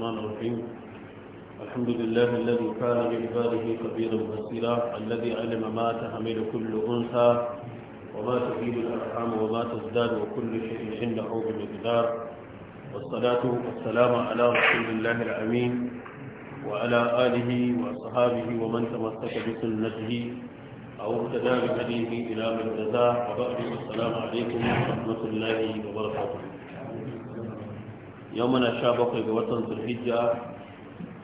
الرحمن الرحيم الحمد لله الذي كان بعباده خبيرا بصيرا الذي علم ما تحمل كل انثى وما تفيد الارحام وما تزداد وكل شيء عنده بمقدار والصلاه والسلام على رسول الله الامين وعلى اله وصحابه ومن تمسك بسنته أو ابتدى بهديه إلى من جزاه وبعد السلام عليكم ورحمة الله وبركاته yau muna sha bakwai ga watan zulhijja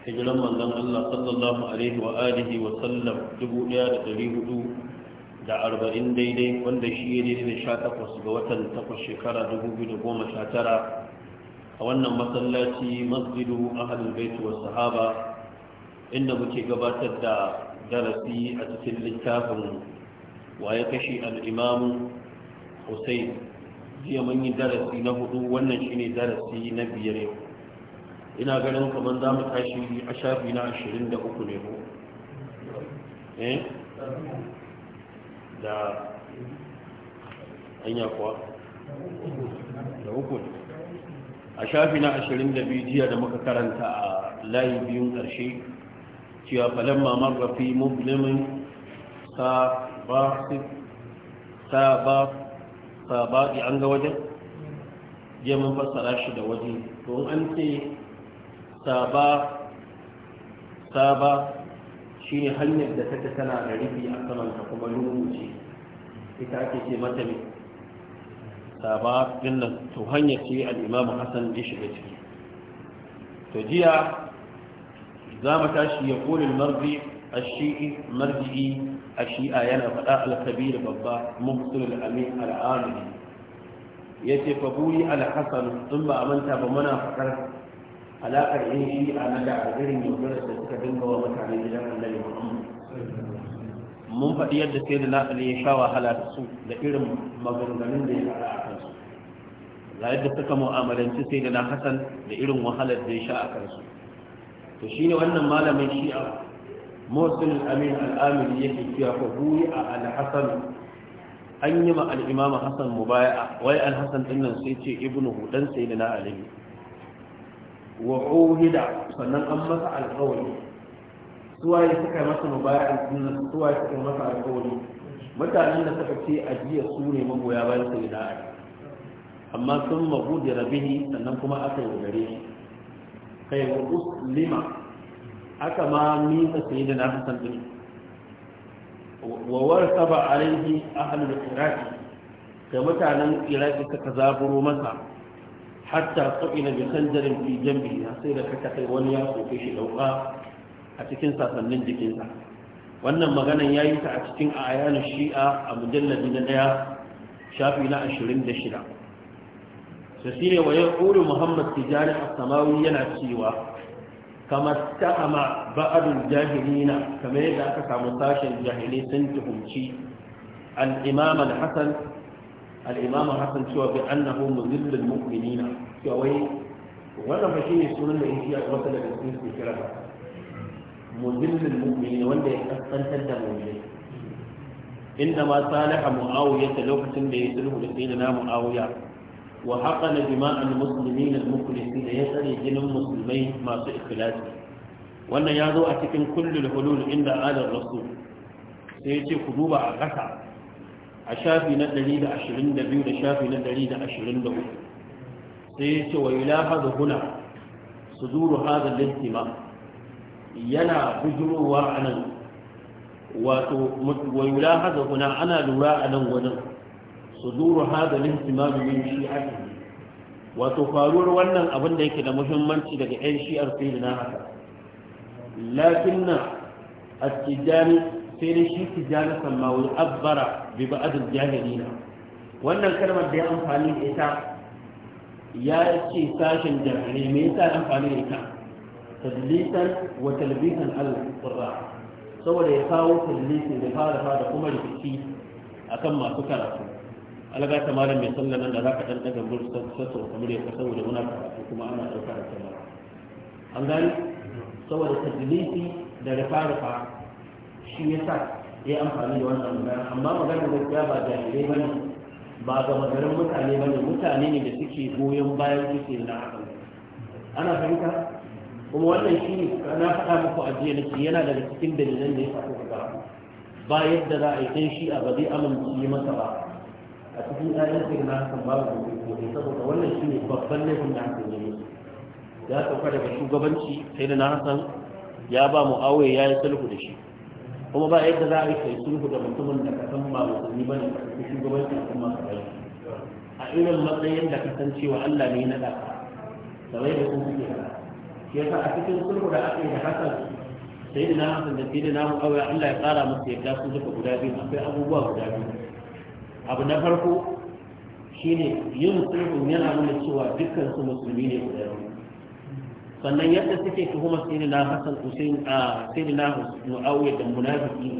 hijiran manzon Allah sallallahu alaihi wa alihi wa sallam arba'in daidai wanda shi ya daidai sha takwas ga watan takwas shekara 2019 a wannan masallaci masjidu ahlul bait wa sahaba inda muke gabatar da darasi a cikin littafin wa kashi al-imam Hussein jiya mun yi darasi na hudu wannan shine darasi na biyar yau ina ganin kamar za mu tashi a shafi na ashirin da uku ne ko eh? da hanya kuwa da uku a shafi na ashirin da biyu jiya da muka karanta a layi biyun ƙarshe cewa falon mamar rafi mublimin sa ba sabaɗi an ga wajen je mun fassara shi da waje don an ce saba saba shi ne hanyar da ta tana da rufi a samanta kuma lumuce ita ake ce mata ne saba dinnan to hanyar ce al'imamu hassan ya shiga ciki to jiya za mu tashi ya kolin marbi. الشيعي مرجئي الشيعة ينا فتاة الكبير بابا محسن الأمين العامل يتي فبولي على حسن ثم أمنت بمنا فكرت alaƙar yin shi a na da irin yaudarar da suka dinga wa mutane gidan annabi mun faɗi yadda sai da naƙali ya sha wahala da su da irin maganganun da ya faɗa a kansu ga yadda suka mu'amalanci sai da na hasan da irin wahalar da ya sha a kansu to shine wannan malamin shi'a musul amin al'amir amiri yake cewa fa buyi a al an yi ma al Hassan hasan mubaya'a wai al-hasan din nan sai ce Ibn ibnu hudan na ali wa uhida sannan an masa alƙawari suwaye suka masa mubaya'a din suwaye suka masa alƙawari mutanen da suka ce ajiya su ne magoya bayan sayyidina ali amma sun mabu da rabihi sannan kuma aka yi gare shi kai wa uslima haka ma misa sai da na hasan din Wawar saba a alaihi ahlul iraki da mutanen iraki suka zaburo masa hatta su'ila bi sanjarin fi jambi sai da kaka kai wani ya soke shi dauka a cikin sasannin jikinsa wannan maganan ya yi ta a cikin ayanu shi'a a mujallabi na daya shafi na ashirin da shida su shi ne wa ya ƙuri muhammad tijari a samawi yana cewa kamar ta'ama ba'adul jahilina kama yadda aka samu sashen jahili sun tuhumci Al'imaman Hassan al-hasan al-imam hasan cewa bi annahu muzillul mu'minina cewa wai wannan fa shine sunan da yake a wata daga cikin su kira ba muzillul mu'minina wanda ya kaskantar da mu'mini inda ma salaha muawiya lokacin da ya sulhu da sayyidina muawiya wa na jima'an musulmi na mukulisi da ya tsare jinin musulmai masu ikhlasi wannan ya zo a cikin kullul hulul inda adar rasu sai ya ce ku duba a ƙasa a shafi na 122 da shafi na 123 sai ya ce wa ilaha huna yana ana lura a nan صدور هذا الاهتمام من Wato faruwar wannan abin da yake da muhimmanci daga 'yan shi'ar na haka lakinna at-tijani sai da shi tijani samma abbara bi ba'd al-jahilina wannan kalmar da ya amfani da ita ya ce sashen jahilai me yasa amfani da ita tadlisan wa talbisan al-qurra saboda ya kawo tadlisin da fara fara kuma rikici akan masu karatu alaga ta malam mai sallan nan da za ka daga ɗaga ta so wa kamar yadda saboda muna karatu kuma ana ɗauka da sama an gani saboda tajlisi da rufa shi ya sa ya amfani da wannan magana amma da ya ba jarirai ba ne ba ga magarin mutane ba ne mutane ne da suke goyon bayan suke na hakan ana fahimta kuma wannan shi ne na faɗa muku a jiya nake yana daga cikin dalilan da ya faɗo ba ba yadda za a yi shi a ba zai amince masa ba a cikin ayan sirna kan babu gobe saboda wannan shine babban laifin da hakan yi musu ya sauka daga shugabanci sai da na hasan ya ba mu mu'awiya ya yi sulhu da shi kuma ba yadda za a yi kai sulhu da mutumin da ka san ba musulmi ba ne ka shugabanci a kuma ka bai a irin matsayin da ka san cewa Allah ne na ɗaka kamar da sun suke ba shi yasa a cikin sulhu da aka yi da Hassan, sai da na hasan da sai da na mu'awiya Allah ya ƙara musu yadda su duka guda biyu akwai abubuwa guda biyu abu na farko shi ne yin sulhun yana nuna cewa dukkan su musulmi ne ku guda sannan yadda suke tuhumar na Hassan Hussein a sai na Muawiya da munafiki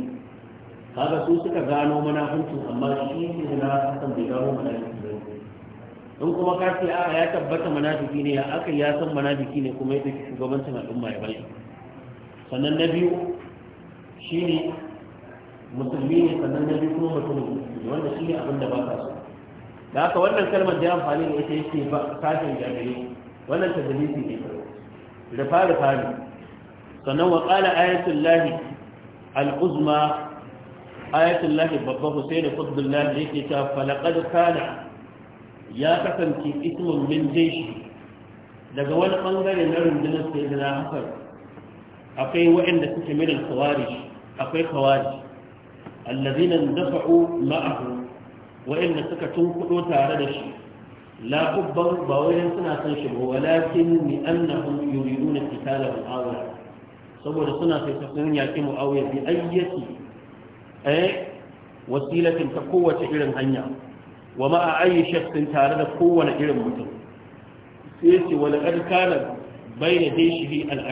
kaga su suka gano munafincin amma shi ne na hasan bai gano munafiki ba in kuma ka ce a ya tabbata munafiki ne aka ya san munafiki ne kuma ya tafi shugabancin al'umma ya bari sannan na biyu shi ne. musulmi ne sannan na biyu kuma mutum wanda shi ne abin da ba ka so da haka wannan kalmar da amfani da ita yake ba sashen jami'i wannan tadalisi ne da fari fari sannan wa qala ayatul lahi al-uzma ayatul lahi babba husaini qutbullah yake ta falaqad kana ya kasance ismun min jayshi daga wani bangare na rundunar sayyidina hasan akwai waɗanda suke mirin kawari akwai kawari allazina dafa'u ma'ahu wa'inda suka tunkudo tare da shi la kubban ba wajen suna san shi ba walakin ni annahum yuriduna qitala muawiya saboda suna sai ta sun yaki muawiya bi ayyati eh wasilatin ta kowace irin hanya wa ma'a ayi shakhsin tare da kowane irin mutum sai ce wala qad kana bayna dayshihi al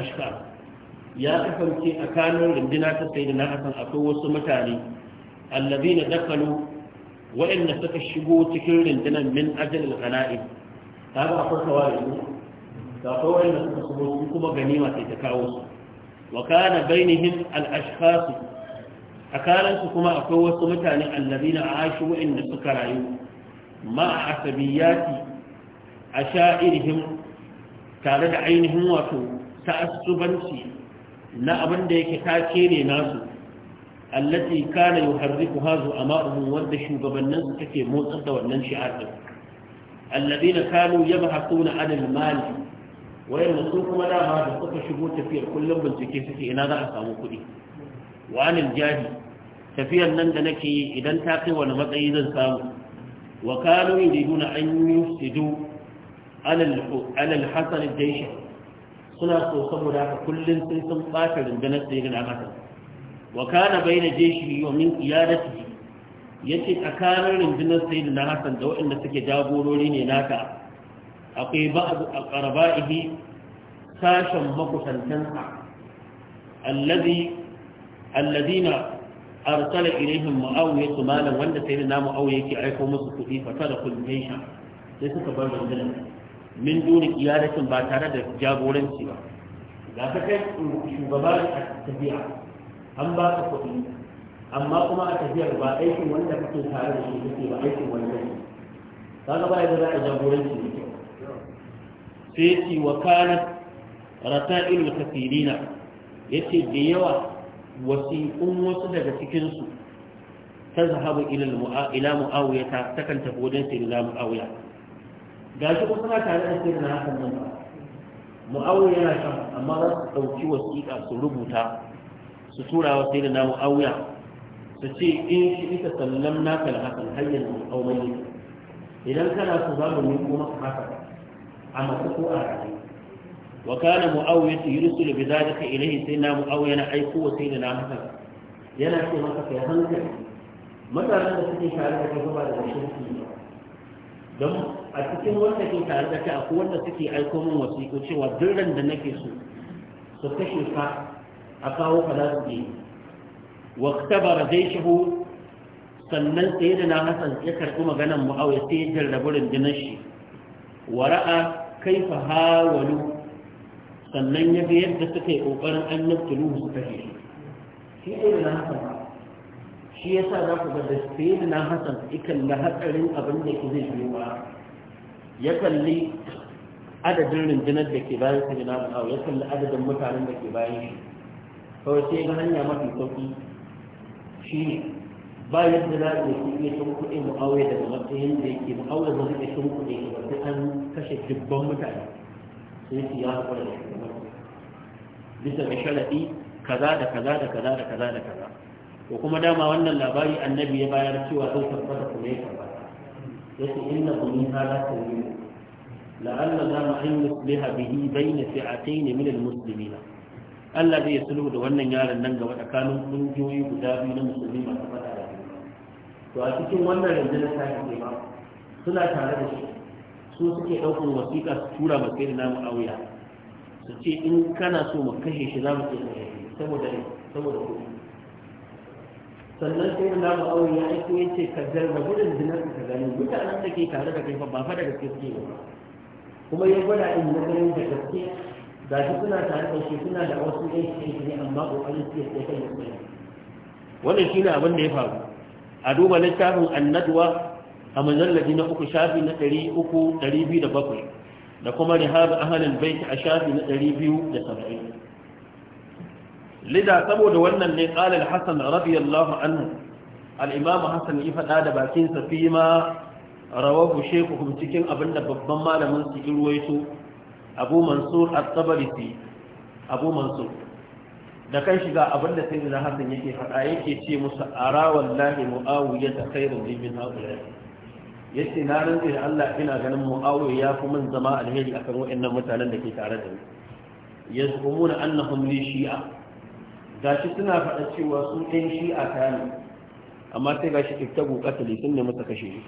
ya kasance a kanin rindina ta na hasan akwai wasu mutane allazina dakalu wa'anda suka shigo cikin rundunar min ajal al-ghana'im kaga akwai kawai da akwai wa'anda suka shigo su kuma ganima sai ta kawo su wa kana bainihim al-ashkhas akalan su kuma akwai wasu mutane allazina aashu wa'anda suka rayu ma asabiyati tare da ainihin wato asubanci na abin da yake take ne nasu allati kana yuharriku hazu ama'uhum wanda shugabannin su take motsar da wannan shi'ar din alladina kanu yabhasuna an al-mal wayanda su kuma dama da suka shigo tafiyar kullum bincike suke ina za a samu kuɗi wa anil jahi tafiyar nan da nake yi idan ta kai wani matsayi zan samu wa kanu yuriduna an yusidu alal hasan al suna so saboda haka kullum sai sun ɓata rundunar sai ga hasan wa kana baina jeshi wa min qiyadatihi yace tsakanin rundunar na Hassan da waɗanda suke jagorori ne naka akwai ba a ba'du aqraba'ihi sashen makusantansa allazi alladina arsala ilaihim su malam wanda sai da sayyidina muawiya yake aika musu kudi fa tada kulmisha sai suka bar rundunar min duni qiyadatin ba tare da jagoranci ba za ta kai shugaba a tafiya an ba ka kuɗi amma kuma a tafiyar ba aikin wanda kake tare da shi kake ba aikin wani ne kaga ba yadda za a jagoranci ne sai ce wa kanat rasa'il ya yace da yawa wasiƙun wasu daga cikin su ta zahabu ila ila muawiya ta takan tafi wajen sayyidina muawiya gashi kuma suna tare da sayyidina hakan nan ba muawiya yana shan amma za su dauki wasiƙa su rubuta su tura wa sai da namu auya su ce in eh, shi ita sallam na kalhakan hanyar mu aumai idan kana su za mu ne kuma haka a masu ko a rayu wa kana mu'awiya ta yursul bi zalika ilahi sai na auya na aiko wa sai da na haka yana ce maka kai hankali mutanen da suke tare da kai ba da shirki ba don a cikin wanda ke tare da kai akwai wanda suke aiko min wasiƙo cewa duk da nake so su kashe ka a kawo kaza su ne wa zai shigo sannan sai da na hasan ya karɓi maganan mu'awiya sai ya jarrabu rundunar shi wa ra'a kaifa hawalu sannan ya ga yadda suka yi ƙoƙarin an nabtulu su kashe shi shi sai da na hasan shi ya sa za ku ga da sai da na hasan ikan da hatsarin abin da ke zai biyo ba ya kalli adadin rundunar da ke bayan sai da na ya kalli adadin mutanen da ke bayan shi kawai sai ga hanya mafi sauki shi ne ba yadda za a yi iya cin kuɗi mu'awai daga matsayin da yake mu'awai ba zai iya cin kuɗi ba sai an kashe dubban mutane sai su ya kware da shugaban bisa ga sharaɗi kaza da kaza da kaza da kaza da kaza ko kuma dama wannan labari annabi ya bayar cewa zai tabbata kuma ya tabbata yace inna kulli hala tawil la'alla za mu an yusliha bihi bayna fi'atayn min al-muslimina Allah zai sulhu da wannan yaron nan gaba tsakanin kungiyoyi guda biyu na musulmi masu fada da to a cikin wannan rundunar ta ke ba suna tare da shi su suke ɗaukar wasiƙa su tura ma kai na mu'awiya su ce in kana so mu kashe shi za mu ce saboda saboda kuɗi sannan sai da namu aure ya yi ya ce ka jarba gudun dinar ka gani mutanen da ke tare da kai ba fa da gaske suke ba kuma ya gwada in na ganin da gaske ga shi suna tare da shi suna da wasu ɗan shi ne amma ƙoƙarin su ya kai kan yadda wannan shi ne abin da ya faru a duba littafin annaduwa a majallabi na uku shafi na ɗari uku ɗari biyu da bakwai da kuma rihabu ahalin baiti a shafi na ɗari biyu da saba'in lida saboda wannan ne ƙalar hassan radiyallahu anhu al'imamu hassan ya faɗa da bakinsa fi ma rawabu shekuhum cikin abin da babban malamin su irwaito abu mansur tabarisi abu mansur da kan shiga abinda sai da hasan yake faɗa yake ce musu ara wallahi muawiya ta khairun li min yace na rantsi da Allah ina ganin muawiya ya fi min zama alheri akan waɗannan mutanen da ke tare da ni yazumuna annahum li shi'a gashi suna faɗa cewa su ɗan shi'a kane amma sai gashi iktabu qatli sun ne masa kashe shi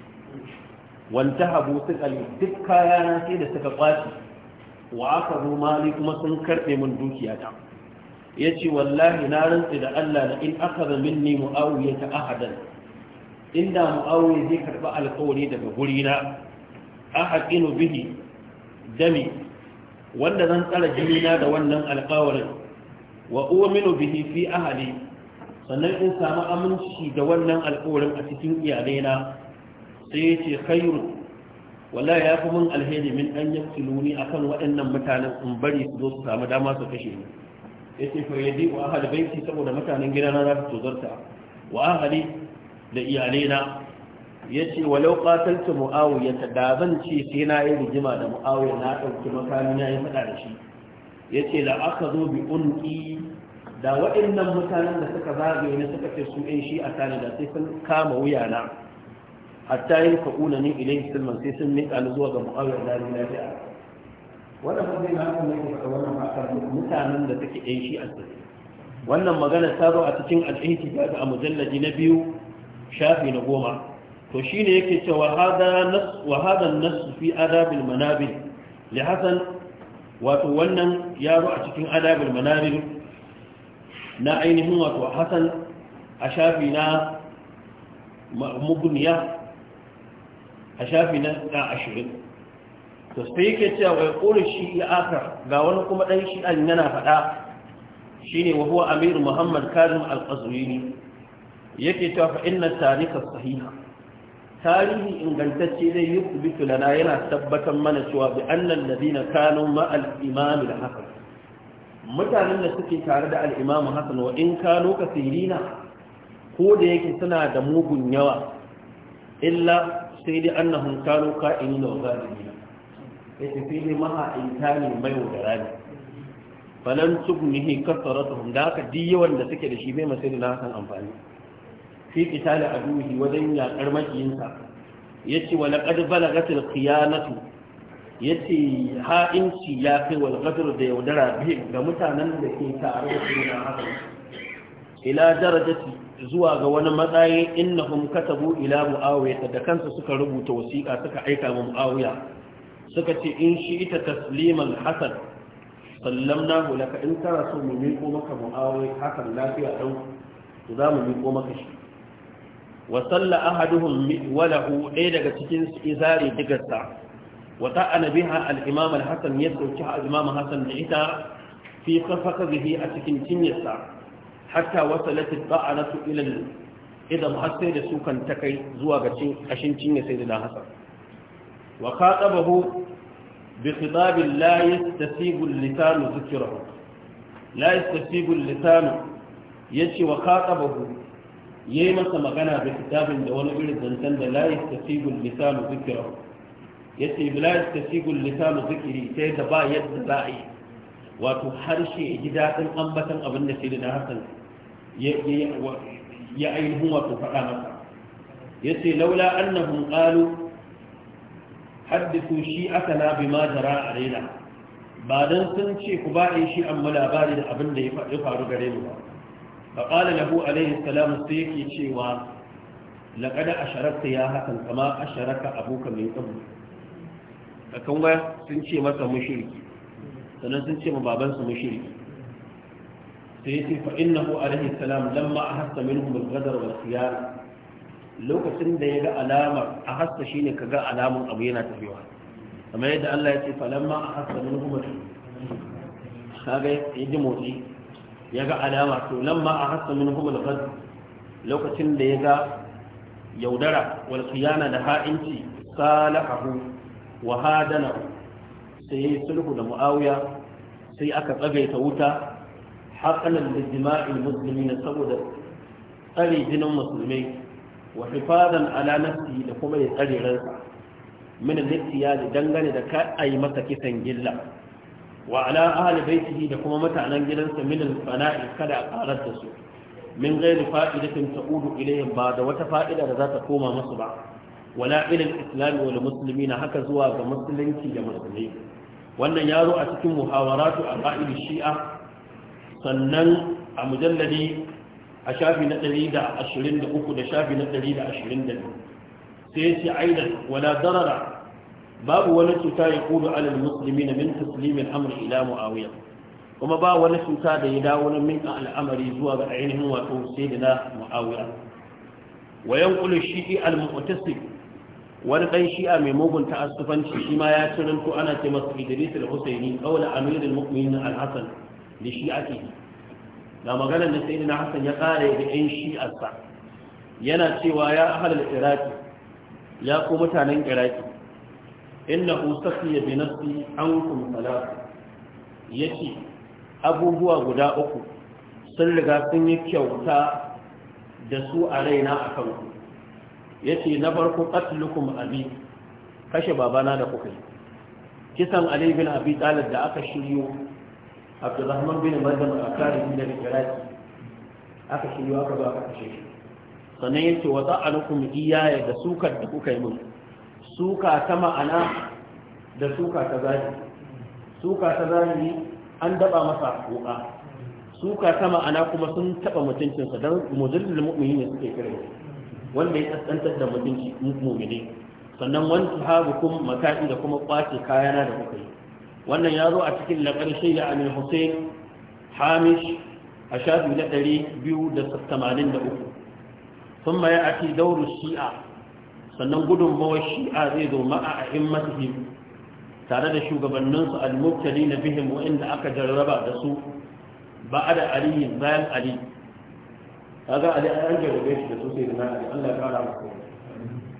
Habu suka duk kayana sai da suka kwaci wa aka zo mali kuma sun karɓe min dukiyata ya ce wallahi na rantsi da Allah na in aka da minni mu'awiyya ta ahadan inda mu'awiyya zai karɓi alƙawari daga gurina ahaƙinu bihi dami wanda zan tsara jinina da wannan alƙawarin wa uminu bihi fi ahali sannan in samu aminci da wannan alƙawarin a cikin iyalaina sai ya ce khairu wallahi ya fi mun alheri min an a akan waɗannan mutanen in bari su zo su samu dama su kashe ni yace fa yadi wa ahad baiti saboda mutanen gidana za su tozarta wa ahali da iyalena yace walau qataltu muawiya da zan ce sai na yi rigima da mu'awiyar. na ɗauki makami na yi faɗa da shi yace aka zo bi unki? da waɗannan mutanen da suka zagaye ne suka ce su ɗin shi a tani da sai sun kama wuyana hatta yin kauna ni ilai sulman sai sun miƙa ni zuwa ga mu'awiyar da ni lafiya wannan ba zai na kuma yake da wannan matar mutanen da take yan shi a wannan magana ta zo a cikin al-ihtijar a mujallaji na biyu shafi na goma to shine yake cewa hada nas wa hada nas fi adabil manabil li hasan wato wannan ya zo a cikin adabil manabil na ainihin wato hasan a shafi na muguniya a shafi na ashirin to sai yake cewa wai ƙorin shi ya aka ga wani kuma ɗan shi an yana faɗa shi ne wahuwa amiru muhammad karim al-qazwini yake cewa fa inna tarika sahiha tarihi ingantacce zai yi kubitu lana yana tabbatar mana cewa bi annan ladina kanu ma al mutanen da suke tare da al-imam hasan wa in kanu kasirina ko da yake suna da mugun yawa illa sai dai annahum da qa'inin da zalimin yace sai ne maha ne mai ne. Falon tugnihi kasaratuhum da haka duk yawan da suke da shi bai masai da nasan amfani fi qitali aduhi wajen yakar makiyinsa yace wa laqad balagat Ya yace ha'inci ya kai wal qadr da yaudara bi ga mutanen da ke tare da su na ila darajati zuwa ga wani matsayi innahum katabu ila muawiya da kansa suka rubuta wasiƙa suka aika mu muawiya suka ce in shi ita tasliman hasan sallamnahu laka in kana so mu miƙo maka muawiya hasan lafiya dan za mu miƙo maka shi wa salla ahaduhum walahu ɗaya daga cikin su izari digarsa wa ta'ana biha al-imam al-hasan ya dauki al-imam hasan da ita fi safaqihi a cikin cinyarsa hatta wasalat ad-da'anatu ila idan har sai da sukan ta kai zuwa ga cin kashin cinye sai da hasan wa khatabahu bi khitabin la yastasibu al-lisanu dhikrahu la yastasibu al-lisanu yace wa khatabahu yayi masa magana da kitabin da wani irin zantan da la yastasibu al-lisanu dhikrahu yace la yastasibu al-lisanu dhikri sai da ba yadda za a yi wato harshe ya ji daɗin ambatan abin da sai da Hassan ya ainihin wato faɗa masa ya ce laula annahum qalu haddisu shi aka na bi ma jara a raina ba don sun ce ku ba a shi amma labari da abin da ya faru gare mu ba fa qala lahu alaihi salam sai yake cewa laqad asharakta ya hakan kama asharaka abuka min qabl kakan sun ce masa mushriki sannan sun ce ma babansu mushriki sai ya ce fa innahu alaihi salam lamma ahassa minhum al-ghadar wal khiyar lokacin da ya ga alamar ne ka ga alamun abu yana tafiya kamar yadda Allah ya ce fa lamma a ahassa minhum kaga ya ji motsi ya ga alama to lamma a ahassa minhum al-ghadar lokacin da ya ga yaudara wal khiyana da ha'inci salahahu wa hadanahu sai ya sulhu da mu'awiya sai aka tsagaita wuta haƙalar da jima'in musulmi na saboda tsare jinin musulmi, wa hifadan ala da kuma ya tsare ransa min al-ihtiyar dangane da ka masa kisan gilla wa ala ahli baitihi da kuma mutanen gidansa min fanai kada a karar da su min ghairi fa'idatin udu ilayhim ba da wata fa'ida da za ta koma musu ba wala ila al-islam wal muslimina haka zuwa ga musulunci da musulmi? wannan ya zo a cikin muhawaratu a ƙa'ir shi'a sannan a mujallade a shafi na 123 da shafi na 122 sai ce aidan wala darara babu wani cuta ya kudu alal musulmi na min taslimin amri ila muawiya kuma ba wani cuta da ya dawo na min al'amari zuwa ga ainihin wato sayyidina muawiya wayan kulu shi'i al-mu'tasim wani ɗan shi'a mai mugun ta'assufanci shi ma ya ci rantu ana ce masa idris al-husaini qawla amirul mu'minin al-hasan li shi'atihi da maganar da sayyidina hasan ya kare da 'yan shi'arsa yana cewa ya ahlul iraqi ya ku mutanen iraqi innahu safiya bi nafsi ankum salat yace abubuwa guda uku sun riga sun yi kyauta da su a raina a kanku yace na farko qatlukum abi kashe babana da kuka yi kisan ali bin abi talib da aka shiryo abdurrahman bin madan akari bin al-iraqi aka shiryo aka ba aka kashe shi sannan yace wa ta'alukum iyaye da sukar da kuka yi mun suka ta ma'ana da suka ta zahiri suka ta zahiri an daba masa kuka suka ta ma'ana kuma sun taba mutuncinsa don mujallil mu'mini ne suke kira wanda ya kaskantar da mutunci mu'mini sannan wani habukum makaɗi da kuma ƙwace kayana da kuka yi wannan ya zo a cikin laƙar shaida amir hussein hamish a shafi na ɗari biyu da tamanin da uku sun maya a ake dauru shi'a sannan gudunmawar shi'a zai zo ma'a a himmatihim tare da shugabanninsu al-mubtali na bihim wa'inda aka jarraba da su ba da aliyin bayan ali kaga ali an jarrabe shi da su sai na ali Allah ya kara masa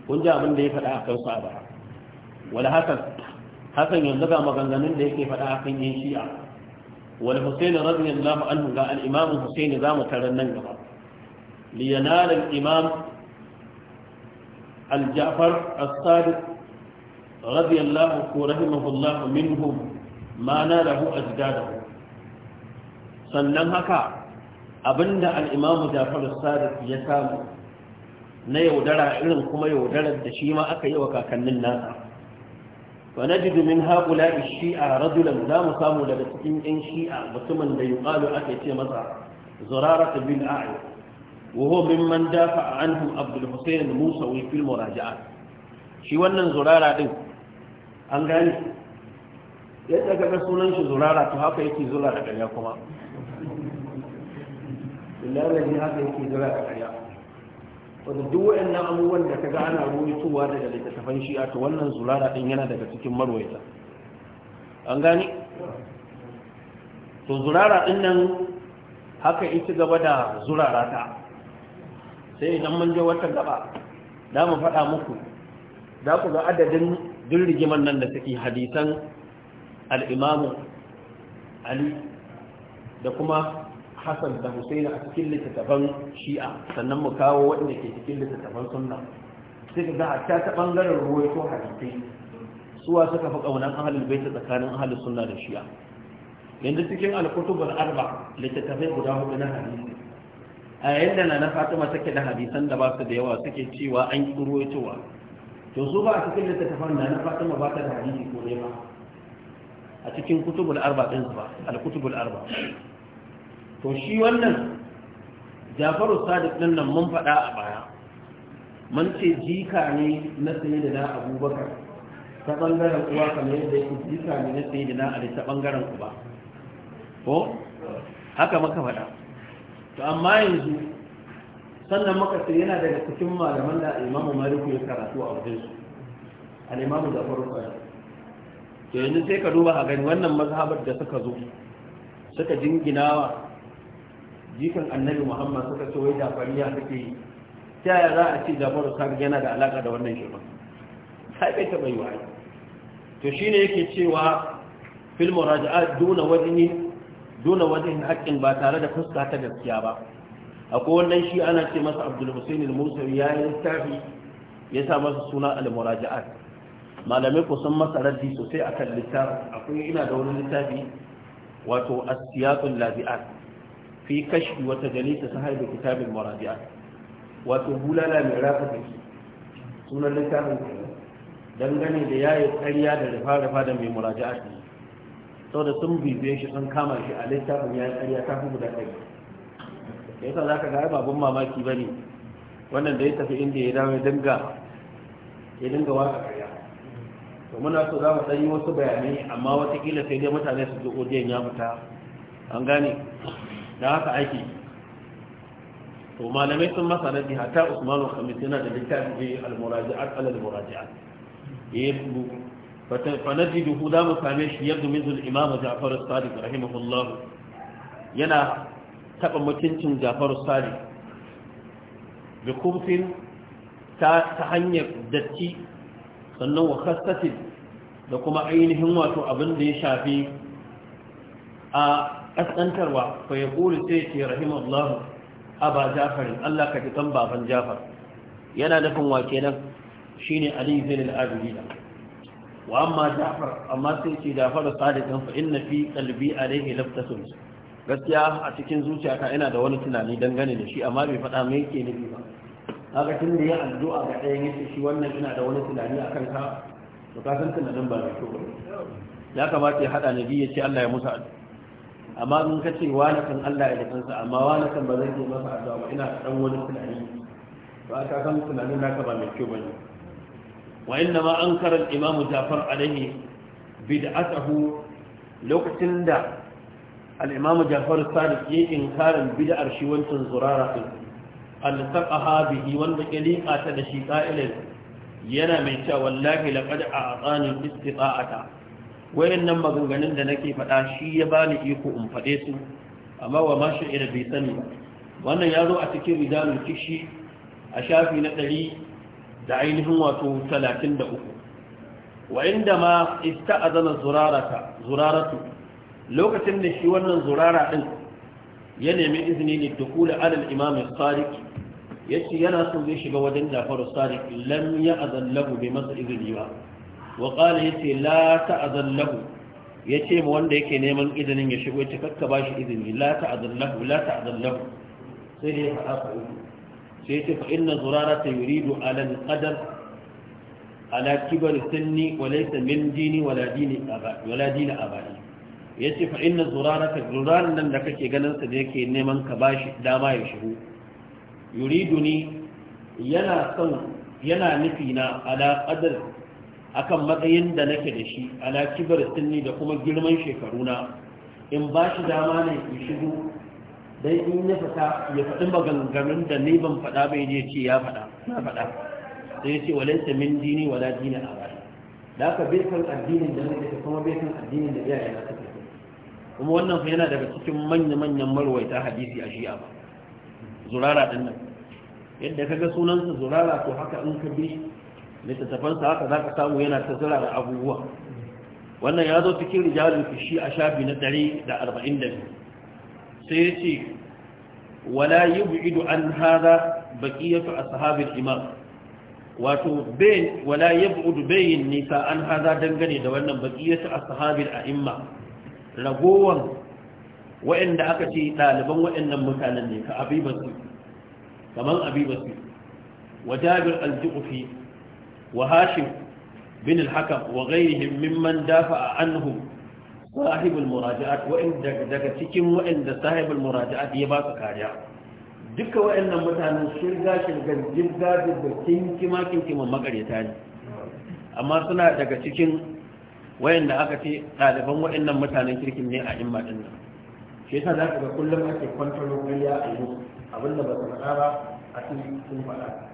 kun ji abin da ya faɗa a kan su a baya wala hasan hasan yanzu ga maganganun da yake faɗa a kan yin shi'a wal husain radiyallahu anhu ga al imam husain za mu tarar nan gaba li yanal al imam al ja'far as-sadiq radiyallahu rahimahullahu minhum ma nalahu ajdaduhu sannan haka abinda al'imamu jafar sadiq ya samu na yaudara irin kuma yaudarar da shi ma aka yi wa kakannin nasa wa najidu min haƙula shi'a radulan za mu samu daga cikin yan shi'a mutumin da yuqalu aka ce masa zurara ta bin a'i wa huwa mimman dafa anhum abdul Hussein musa wa fil muraja'a shi wannan zurara din an gani yadda ga sunan shi zurara to haka yake zura daga ƙarya kuma billahi ne haka yake jira ka karya wanda duk waɗannan abubuwan da ka ga ana ruwaitowa daga littattafan shi'a to wannan zulala ɗin yana daga cikin marwaita an gani to zurara ɗin nan haka ci gaba da zurara ta sai idan mun je wata gaba da mu faɗa muku za ku ga adadin rigiman nan da suke hadisan al'imamu ali da kuma Hassan da Husaini a cikin littattafan Shi'a sannan mu kawo waɗanda ke cikin littattafan Sunna sai ka ga hatta ta bangaren ruwai ko hadisi suwa suka fi ƙaunar kaunan bai ta tsakanin ahlus sunna da Shi'a yanzu cikin al arba littattafai guda hudu na hadisi a yadda da na Fatima take da hadisan da ba su da yawa suke cewa an ruwaitowa to su ba a cikin littattafan da na Fatima ba ta da hadisi ko ne ba a cikin kutubul arba din su ba al arba to shi wannan jafaru sadiq din nan mun faɗa a baya mun ce jika ne na Sayyidina da abubakar ta ɓangaren uwa kamar yadda yake jika ne na Sayyidina da ali ta ɓangaren uba ko haka maka faɗa to amma yanzu sannan maka ce yana daga cikin malaman da imamu maliku ya karatu a wajensu al'imamu da faru sadiq to yanzu sai ka duba a gani wannan mazhabar da suka zo suka jinginawa jikan annabi muhammad suka ce wai jafariya take yi ta yaya za a ce jafaru sadiq yana da alaka da wannan shirman sai bai taɓa yi wa'ayi to shine yake cewa fil muraja'a duna wajhi duna wajhin haƙƙin ba tare da fuska ta gaskiya ba akwai wannan shi ana ce masa abdul Musa al ya yi littafi ya sa masa suna al-muraja'at malamai ku san masa raddi sosai akan littafi akwai ina da wani littafi wato as-siyaqul labi'at fi kashfi wa tajalisa sahar da kitabin marabi'a wato bulala mai rafa sunan littafin dangane da yayi ƙarya da rufa-rufa da mai muraja'a ne sau da sun bibiye shi sun kama shi a littafin yayi ƙarya ta fi guda ɗari yasa za ka ga babban mamaki ba ne wannan da ya tafi inda ya dawo ya dinga ya dinga waka karya to muna so za mu ɗan yi wasu bayanai amma watakila sai dai mutane su ji odiyan ya fita an gane da haka ake to malamai sun masa da hata usmanu khamis yana da littafi je al-muraji'at al-muraji'at yebu fanaji mu same shi yadda min imam ja'far as-sadiq rahimahullah yana taɓa mutuncin ja'far as-sadiq bi ta ta hanyar datti sannan wa khassatin da kuma ainihin wato abin da ya shafi a kaskantarwa fa ya kulu sai ce rahimallahu aba jafarin Allah ka ji kan baban jafar yana nufin wa kenan Shi ne ali bin al da wa amma jafar amma sai ce jafar sadiqan fa inna fi kalbi qalbi alayhi laftasun gaskiya a cikin zuciyata ina da wani tunani dangane da shi amma bai faɗa mai ke nufi ba haka tun da ya addu'a ga ɗayan yace shi wannan ina da wani tunani akan ka to ka san tunanin ba da kyau ba ya kamata ya haɗa nabi ya ce Allah ya musa addu'a amma in ka ce wa na kan Allah ya kansa amma wa na kan ba zai yi masa addu'a ba ina dan wani tunani ba ka san tunanin naka ba mai kyau bane wa inna ma ankara al-imam Ja'far alaihi bid'atahu lokacin da al-imam Ja'far Sadiq ya inkarin bid'ar shi wancan zurara din al-taqaha bihi wanda kalika ta da shi qa'ilin yana mai cewa wallahi laqad a'tani istita'ata wayannan maganganun da nake faɗa shi ya bani iko in faɗe su amma wa ma sha'ira bai sani ba wannan ya zo a cikin rijalul kishi a shafi na ɗari da ainihin wato talatin da uku wa inda ma ista'azana zurarata zuraratu lokacin da shi wannan zurara ɗin ya nemi izini ne dukula alal imamin sadiq ya ce yana so zai shiga wajen jafaru sadiq lam ya azallahu bai masa izini ba wa ya ce la ta'zan ya ce mu wanda yake neman izinin ya shigo ya kakka ba shi izini la ta'zan lahu la ta'zan lahu sai ya faɗa fa sai yace fa inna zurarata yuridu ala al-qadar ala kibar sinni wa laysa min dini wala dini aba wala dini abai yace fa inna zurarata zuraran nan da kake ganin sa da yake neman ka ba shi dama ya shigo yuridu ni yana son yana nufi na ala qadar akan matsayin da nake da shi ala kibar sinni da kuma girman shekaruna in ba shi dama ne in shigo dan in ya fita ya faɗi maganganun da ni ban faɗa bai je ce ya faɗa na faɗa sai ya ce walaysa min dini wala dini a bai da ka bai kan addinin da nake da kuma bai kan addinin da iyaye na suke kuma wannan fa yana daga cikin manya-manyan marwaita hadisi a shi'a ba zurara dinnan. nan yadda kaga sunansa zurara to haka in ka bi littattafansa haka za ka samu yana ta zira da abubuwa wannan ya zo cikin rijalin fushi a shafi na ɗari da arba'in da biyu sai ya ce wala yi bu'idu an hada baƙiyatu a sahabin imam wato wala ya bu'udu bayin nisa an haza dangane da wannan baƙiyatu a sahabin a imma ragowar wa'anda aka ce ɗaliban waɗannan mutanen ne ka abibasu kamar abibasu wa jabir al-ju'fi وهاشم بن الحكم وغيرهم ممن دافع عنهم صاحب المراجعات وإن دكتكم وإن صاحب المراجعات يباك كاريا دك وإن متانا شرقا شرقا جرقا جرقا كنكما كنكما مقريتا أما سنة دكتكم وإن أكتي طالبا وإن متانا شرقا ne a imma din nan shi yasa za ka ga kullum ake kwantar ruwaya a yau abinda ba su faɗa ba a cikin faɗa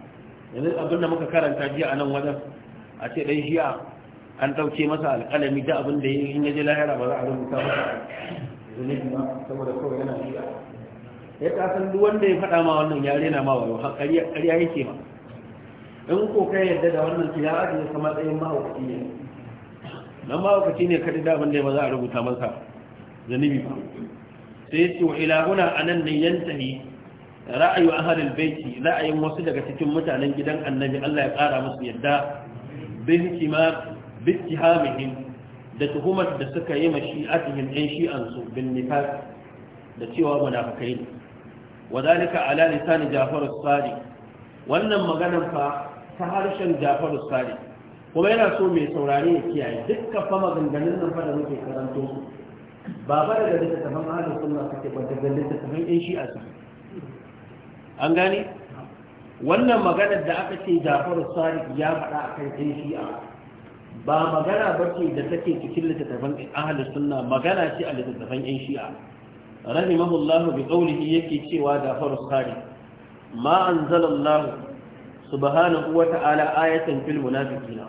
yanzu abinda muka karanta jiya a nan wajen a ce ɗan jiya an ɗauke masa alƙalami da abin da in yaje lahira ba za a rubuta masa zunubi ba saboda kawai yana jiya ya kasan duk wanda ya faɗa ma wannan ya rena ma wayo ƙarya yake ma in ko kai yadda da wannan ya ajiye kama tsayin mahaukaci ne nan mahaukaci ne kaɗi da abin da ba za a rubuta masa zunubi ba sai ya ce wa ilahuna nan ne yantahi ra'ayu ahlul baiti ra'ayin wasu daga cikin mutanen gidan annabi Allah ya ƙara musu yadda bin kima bittihamihim da tuhumar da suka yi mashi atihim ɗin shi'an su bin nifaq da cewa munafikai ne wadalika ala lisan Ja'far as-Sadiq wannan maganar fa ta harshen Jafaru as kuma yana so mai saurari ya kiyaye dukkan fa maganganun nan fa da muke karanto su ba ba daga littattafan ahlus sunna kake ba daga littattafan ɗin shi'a suke an gane wannan maganar da aka ce jafaru sadiq ya faɗa a kan shi'a ba magana ba ce da take cikin littattafan ahalus sunna magana ce a littattafan yan shi'a rahimahullahu bi qawlihi yake cewa jafaru sadiq ma anzalallahu subhanahu wa ta'ala ayatan fil munafiqina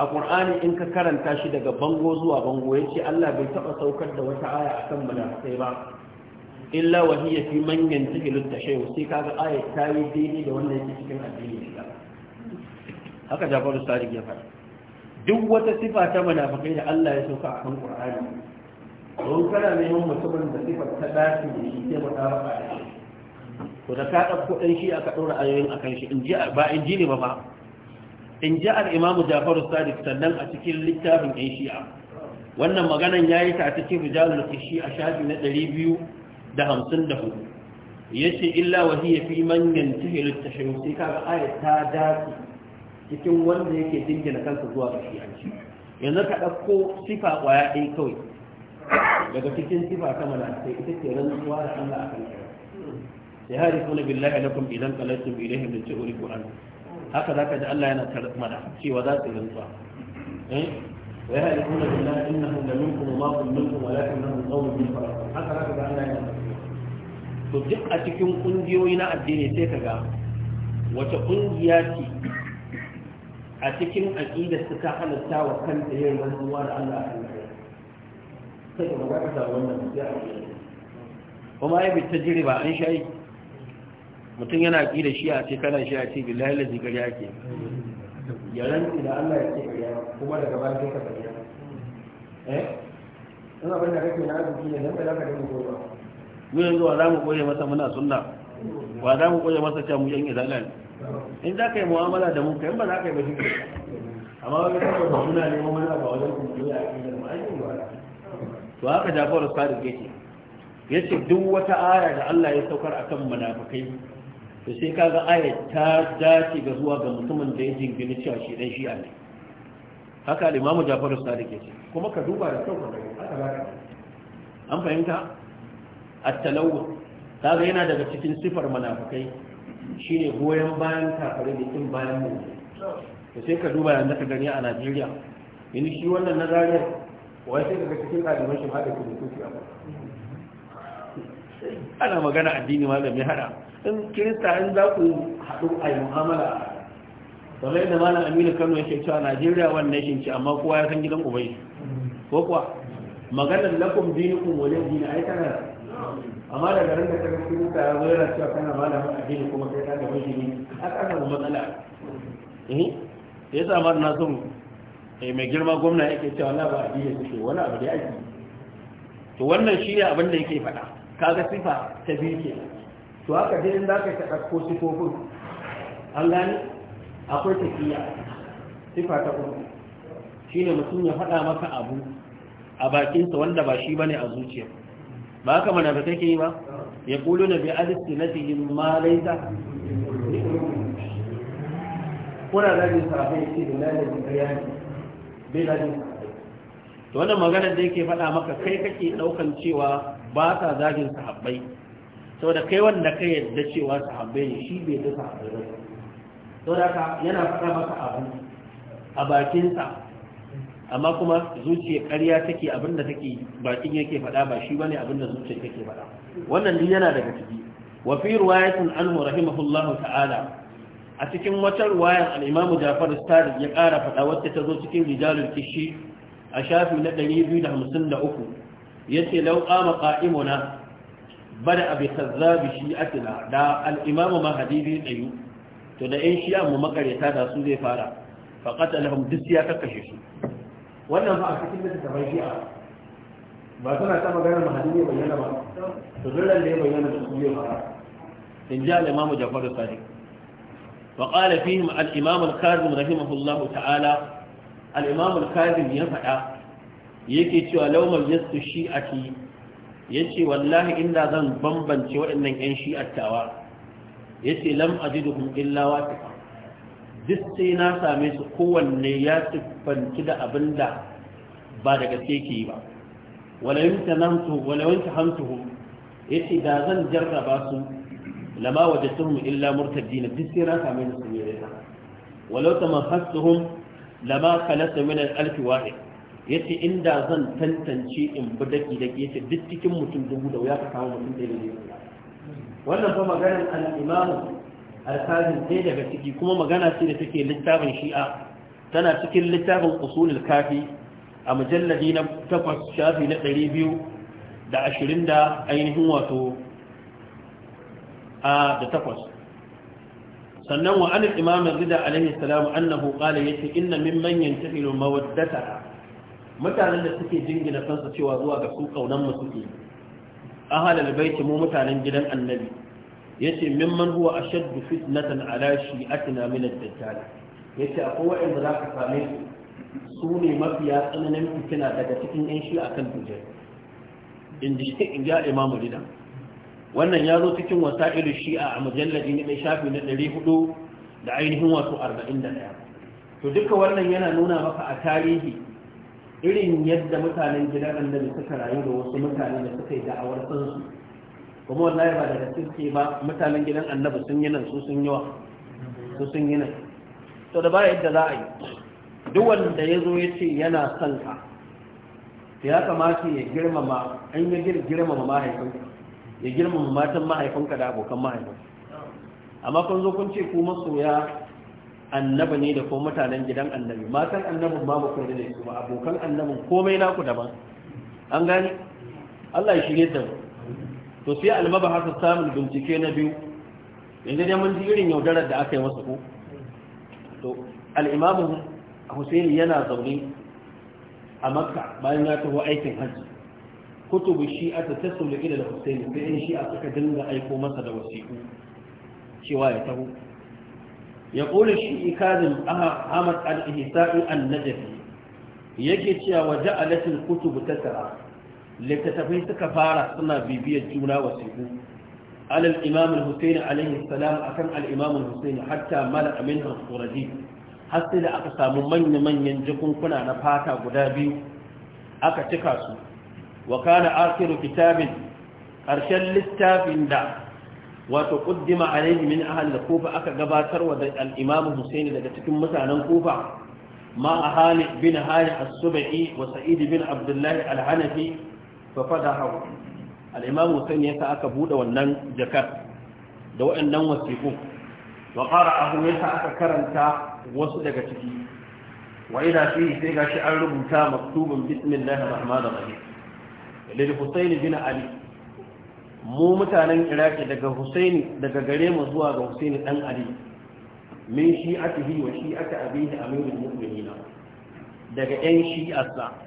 a ƙur'ani in ka karanta shi daga bango zuwa bango ya ce Allah bai taɓa saukar da wata aya akan kan munafikai ba illa wa hiya fi man yantahilu tashay ka ga ayat ta yi daidai da wanda yake cikin addini shi haka Jafaru Sadiq ya faɗa duk wata sifa ta munafikai da Allah ya sauka a kan Qur'ani don kana neman mutumin da sifar ta dace da shi sai mu dawo a ko da ka ɗauko ɗan shi aka ɗora ayoyin akan shi in ji ba in ji ne ba ba in ji al-Imam Jafaru Sadiq sannan a cikin littafin ɗan shi'a wannan maganan ya yi ta a cikin rijalul kishi a shafi na ɗari biyu da hamsin da hudu ya ce illa wahiyya fi manyan tahilin tashin sai kaga ayat ta dace cikin wanda yake dingina kansa zuwa ga shi'anci yanzu ka ɗauko sifa ƙwaya ɗaya kawai daga cikin sifa kama na, sai ita ce rantsuwa da Allah akan kai sai hari kuna billahi lakum idan qalattum ilayhim la tu'riku an haka za ka ji Allah yana tarmada cewa za su rantsuwa eh wa yahlikuna billahi innahum la minkum wa ma hum minkum walakinnahum qawmun bil haka zaka ji Allah yana to duk a cikin kungiyoyi na addini sai ka ga wata kungiya ce a cikin aƙidar su ta halatta wa kanta yin rantsuwa da Allah a kan sai ka ba ka samu wannan sai a kuma ya bita jiri ba an shayi mutum yana ƙi shi a ce kana shi a ce billahi lazi gari ake ya rantsi da Allah ya ce gariya kuma daga bayan kai ka gariya eh ina ban da kake na arziki ne nan da zaka dinga gobe wurin zuwa za mu koye masa muna sunna ba za mu koye masa cewa mu yan izala ne in za ka yi mu'amala da mu kai ba za ka yi ba shi amma wani kawai da suna neman wani abu wajen kuma ya yi da ma'aikin ba to haka jafar sadiq yake yace duk wata aya da Allah ya saukar akan munafikai to sai kaga aya ta dace ga zuwa ga mutumin da ya jingina cewa shi dan shi ne haka al-imamu jafar sadiq yace kuma ka duba da kyau ka ga ka an fahimta at-talawwur kaga yana daga cikin sifar munafikai shine goyen bayan kafare da kin bayan mu to sai ka duba yanda ka gani a Najeriya ina shi wannan na wai sai daga cikin ɗaliban shi haɗa kiristoci a ana magana addini malami hada in kirista in za ku haɗu a yi mu'amala kamar yadda malam aminu kano yake cewa najeriya wannan shi ce amma kowa ya san gidan ubai ko kuwa maganar lakum dinukum wani dini ai kana amma daga nan da kaga cikin ta zo yana cewa kana malamin addini kuma kai ka ga mijini a ka samu matsala eh sai sa mar na son eh mai girma gwamna yake cewa na ba addini suke wani abu da yake to wannan shi ne abin da yake faɗa kaga sifa ta biyu ke to haka dai in za ka taɗa ko sifofin an gani akwai tafiya sifa ta uku shi ne mutum ya faɗa maka abu a bakinsa wanda ba shi ba ne a zuciya ba haka munafikai take yi ba ya kulu na bi na ma laisa kuna zagin sahabbai ce da lalata bayani bai zagin sahabbai to wannan maganar da yake faɗa maka kai kake ɗaukan cewa ba sa zagin sahabbai da kai wanda kai yadda cewa sahabbai ne shi bai da sahabbai ba da ka yana faɗa maka abu a bakinsa amma kuma zuciyar ƙarya take abin da take bakin yake faɗa ba shi bane abin da zuciya take faɗa wannan duk yana daga ciki wa fi riwayatin anhu rahimahullahu ta'ala a cikin wata riwayar al-Imam Ja'far as ya ƙara faɗa wacce ta zo cikin rijalul kishi a shafi na 253 yace law qama qa'imuna bada abi kazzabi shi'atina da al-imam mahdi bi tsayu to da ɗan shi'a mu makareta da su zai fara faqat alhum duk ya kakkashe su wannan ba a cikin da ta bai shi'a ba suna ta magana mahadi ya bayyana ba to zullan da ya bayyana da su yi ba in ji al-imamu Ja'far as-Sadiq wa qala fihim al-imam al-Kazim rahimahullahu ta'ala al-imam al-Kazim ya faɗa yake cewa lawmal yastu shi'ati yace wallahi inda zan bambance waɗannan ƴan shi'attawa yace lam ajiduhum illa wasiqa duk sai na same su kowanne ya siffanci da abin da ba da gaske ke yi ba walawin ta hamtuhu ya ce da zan ba su lama waje sun mu illa murtaddi na duk sai na same su ne rai walau ta mafastuhum lama kalasta min alfi wahid ya ce inda zan tantance in bi daki daki ya ce duk cikin mutum dubu da wuya ka kawo mutum ɗaya da ne wannan fa maganar al'imamu alkazin sai daga ciki kuma magana ce da take littafin shi'a tana cikin littafin usulul kafi a mujalladi na takwas shafi na ɗari biyu da ashirin da ainihin wato a da takwas sannan wa anil imamin rida alaihi salamu annahu qala yace min manyan yantahilu mawaddata mutanen da suke jingina kansu cewa zuwa ga su kaunan mu suke ahalal baiti mu mutanen gidan annabi yace mimman huwa ashaddu fitnatan ala shi'atina min ad-dajjal yace akwai wa'anda za ka same su su ne mafiya tsananin fitina daga cikin yan shi akan dajjal in ji in ga imam rida wannan ya zo cikin wasa'ilu shi'a a mujalladi na shafi na 400 da ainihin wato 41 to duka wannan yana nuna maka a tarihi irin yadda mutanen gidan annabi suka rayu da wasu mutane da suka yi da'awar sansu kuma wallahi ba daga cikin ba mutanen gidan annabi sun yi nan su sun yi wa su sun yi nan to da ba yadda za a yi duk wanda ya zo ya ce yana son ka ya kamata ya girmama an ya girmama mahaifinka ya girmama matan mahaifinka da abokan mahaifinka amma kun zo kun ce ku masoya annabi ne da ko mutanen gidan annabi matan annabin ma ba ku ne su ba abokan annabin komai naku daban an gani Allah ya shirye da mu to sai almaba hasa samun bincike na biyu yanzu dai mun ji irin yaudarar da aka yi masa ko to al'imamu Hussein yana zaune a makka bayan ya taho aikin hajji kutubu shi'a ta tasola gida da husaini sai shi shi'a suka dinga aiko masa da wasiku. cewa ya taho ya ƙoli shi'i kazin ahmad al-ihsa'i an-najafi yake cewa ja'alatul kutubu tasara littattafai suka fara suna bibiyar juna wa teku alal imamun hussein alaihi salam a kan al’imamun hussein hatta mala amin hankuraji har da aka samu manya-manyan jikunkuna na fata guda biyu aka cika su wakana arkiru kitabin ƙarshen littafin da wato ƙuddima alaihi min ahal da kufa aka gabatar wa da al’imamun hussein daga cikin mutanen kofa. ma a hali bin hali asubai wa sa'idi bin abdullahi alhanafi fa fadahu al-imam Hussein ya sa aka buɗe wannan jakar da waɗannan wasiqu wa qara'ahu ya sa aka karanta wasu daga ciki wa ila shi sai gashi an rubuta na bismillahir rahmanir rahim lil Hussein bin Ali mu mutanen Iraki daga Hussein daga gare mu zuwa ga Hussein dan Ali min shi'atihi wa shi'ati abihi amirul mu'minin daga ɗan shi'arsa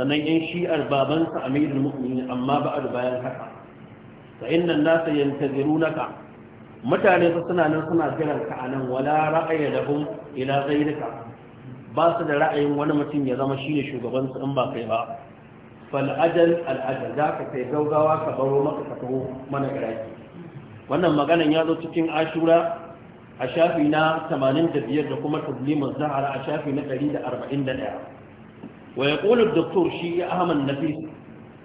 sannan yan shi'ar babansa amirul mu'minin amma ba'ad bayan haka fa inna an-nasa naka. mutane su suna nan suna jiran ka anan wala ra'aya lahum ila ghayrika ba su da ra'ayin wani mutum ya zama ne shugaban su in ba kai ba fal ajal za ka kai gaugawa ka baro maka ka taho mana garaki wannan maganan ya zo cikin ashura a shafi na 85 da kuma tablimin zahara a shafi na 141 wai ƙunar doktor shi Ahmad na fis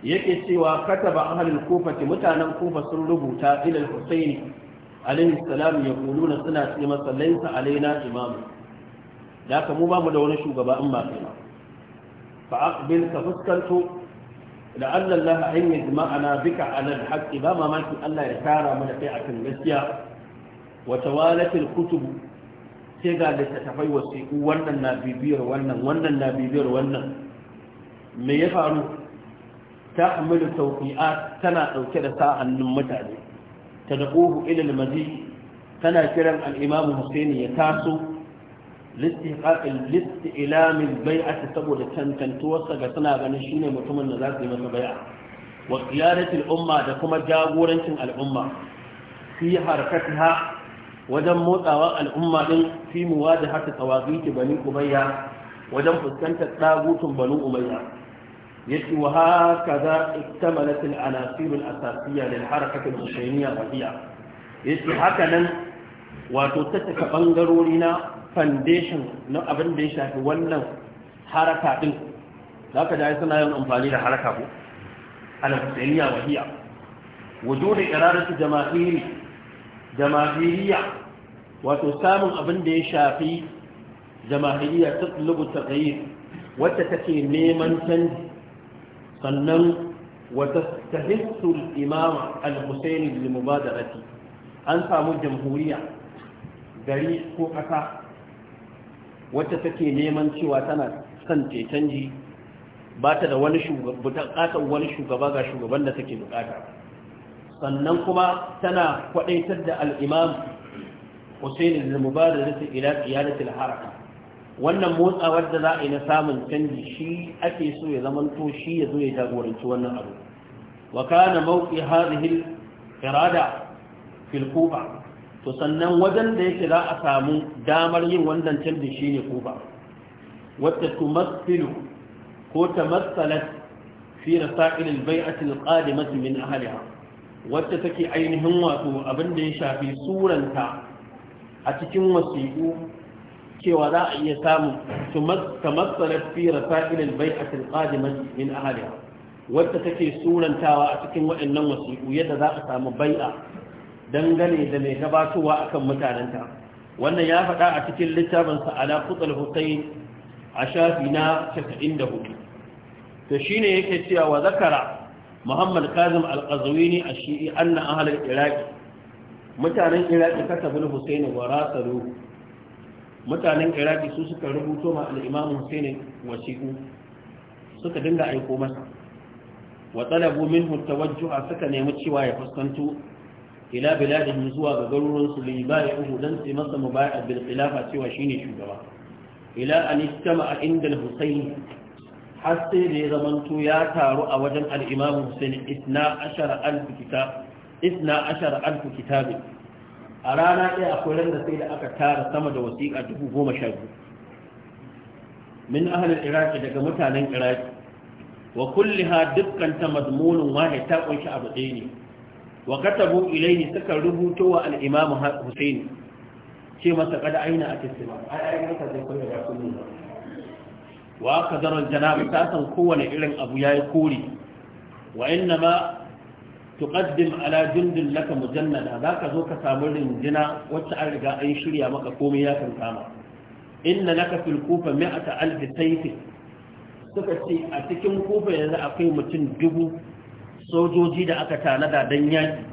yake cewa kata ba ahalin kofati mutanen kofa sun rubuta ilal husaini alaihi salam ya kulu na suna ce masa laisa alaina imamu da ka mu da wani shugaba in ba kai ma fa aqbil ka fuskanto la anna allah ayy jama'ana bika ala al haqq ba ma maki allah ya tara mu da kai akan gaskiya wa tawalatil kutub sai ga littattafai wasiƙu wannan na bibiyar wannan wannan na bibiyar wannan me ya faru ta hamilu tana ɗauke da sa hannun mutane ta da ƙohu ilil mazi tana kiran al'imamu husaini ya taso listi ilamin bai'ata saboda cancantuwarsa ga suna ganin shine mutumin da za su yi masa bai'a wa ƙiyaratul umma da kuma jagorancin al'umma fi harkatiha wajen motsawa al'umma din fi mu muwajahati tawagiti bani umayya wajen fuskantar dagutun bani umayya yace wa haka za hakaza iktamalat al-anasir al-asasiyya lil harakati al-husayniyya wahiya yace haka nan wato ta taka bangarori na foundation na abin da ya shafi wannan haraka din zaka da suna yin amfani da haraka ko al-husayniyya wahiya wujud iradatu jama'iri jamahiriya wato samun abin da ya shafi jamahiriya ta lubu ta wacce take neman canji sannan wata tahissul imama al-husaini lil an samu jamhuriya gari ko ƙasa wacce take neman cewa tana kan ce canji ba ta da wani shugaba wani shugaba ga shugaban da take bukata sannan kuma tana kwadaitar da alimam imam Hussein al-Mubarak ila qiyadat al-haraka wannan motsawar da za a yi na samun canji shi ake so ya zamanto shi ya zo ya jagoranci wannan abu wa kana mawqi hadhihi irada fil to sannan wajen da yake za a samu damar yin wannan canji shine kuba wata tumassilu ko tamassalat fi rasail al bai'ati al qadimati min ahliha wadda take ainihin wato abin da ya shafi suranta a cikin wasiƙu cewa za a iya samun. ta matsalar fi rasa'ilin bai a tilkadiman min ahaliya wadda take surantawa a cikin waɗannan wasiƙu yadda za a samu bai'a dangane da mai gabatowa akan mutanenta wannan ya faɗa a cikin littafin ala kutsal hussein a shafi na 94 to shine yake cewa zakara muhammad kazim al-qazwini a shii anna ahli al-iraq mutanen iraq katabul husayn wa rasalu mutanen Iraki su suka rubuto ma al-imam husayn wasiqu suka dinga aiko masa wa talabu minhu tawajjuha suka nemi cewa ya fuskantu. ila biladin zuwa ga garuruwan su libai uhu dan sai masa mubai'a bil khilafa cewa shine shugaba ila an istama inda al-husayn har sai da ya zamanto ya taru a wajen al'imamu Hussein isna ashara alfu kitabi a rana ɗaya akwai ran sai da aka tara sama da wasiƙa dubu goma sha biyu min ahalin iraki daga mutanen iraki wa ha dukkan ta mazmunin wahai ta ƙunshi abu ɗaya ne wa katabu ilaihi suka rubuto wa al'imamu Hussein ce masa kada aina a tisima ai ai masa zai kwaya da kullum wa aka zarar janabi ta san kowane irin abu ya yi kori wa inna ma tuqaddim ala jundin laka mujannada za ka zo ka samu rinjina wacce an riga an shirya maka komai ya kan kama inna laka fil kufa mi'ata alf sayfi suka ce a cikin kufa yanzu akwai mutum dubu sojoji da aka tanada dan yaki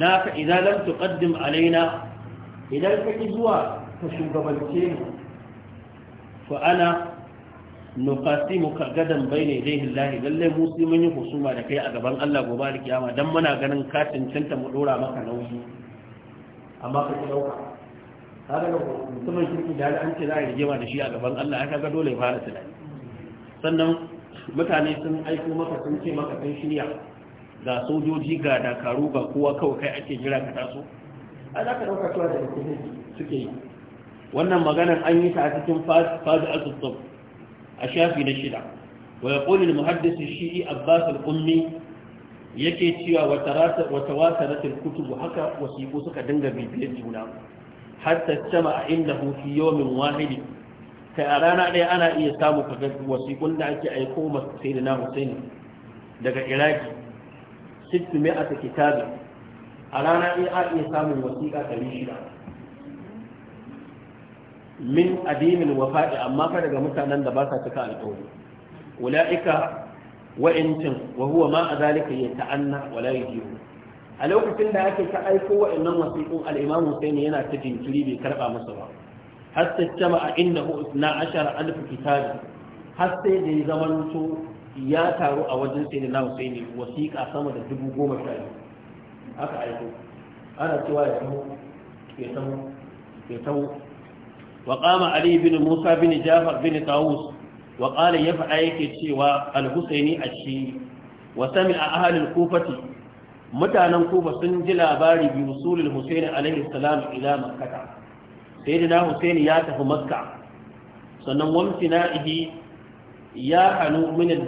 naka idan lam tuqaddim alaina idan kake zuwa ka shugabance mu fa ana nuqasimu ka gadan bayne ilayhi Allah lalle mu mun yi husuma da kai a gaban Allah gobe alkiyama dan muna ganin ka cancanta mu dora maka nauyi amma ka ki dauka kaga da mutumin kirki da an ce za a rigima da shi a gaban Allah ya kaga dole ya fara tunani sannan mutane sun aiko maka sun ce maka sun shirya ga sojoji ga dakaru ga kowa kawai kai ake jira ka taso a za ka dauka cewa da suke yi wannan maganar an yi ta a cikin fadi asusun a shafi na shida wa ya ƙoli muhaddisi shi'i abbas al-ummi yake cewa wata wasaratul kutubu haka wasiƙu suka dinga bibiyar juna ta sama a inda hufi yawmin wahidi kai a rana ɗaya ana iya samu kaga wasiƙun da ake aiko masu sai da na husaini daga iraki sittu mai a kitabi a rana ɗaya a iya samun wasiƙa ɗari shida min adimin wafa'i amma fa daga mutanen da ba sa cika alƙawari ula'ika wa'incin wa huwa ma a zalika ya ta'anna wala yujibu a lokacin da ake ta aiko wa'annan wasiƙun al-Imam Hussein yana ta jinkiri bai karba masa ba har sai sama a inda na ashara alf kitabi har sai da ya zamanto ya taru a wajen sai na Hussein wasiƙa sama da dubu goma sha biyu aka aiko ana cewa ya taho ya taho ya taho وقام علي بن موسى بن جعفر بن طاووس وقال يفعل cewa al-Husaini ashi wa sami'a ahli al-Kufati mutanen Kufa sun ji labari bi usulul Husaini alaihi salam ila sayyidina Husaini ya tafi Makka sannan wamtina'ihi ya hanu ya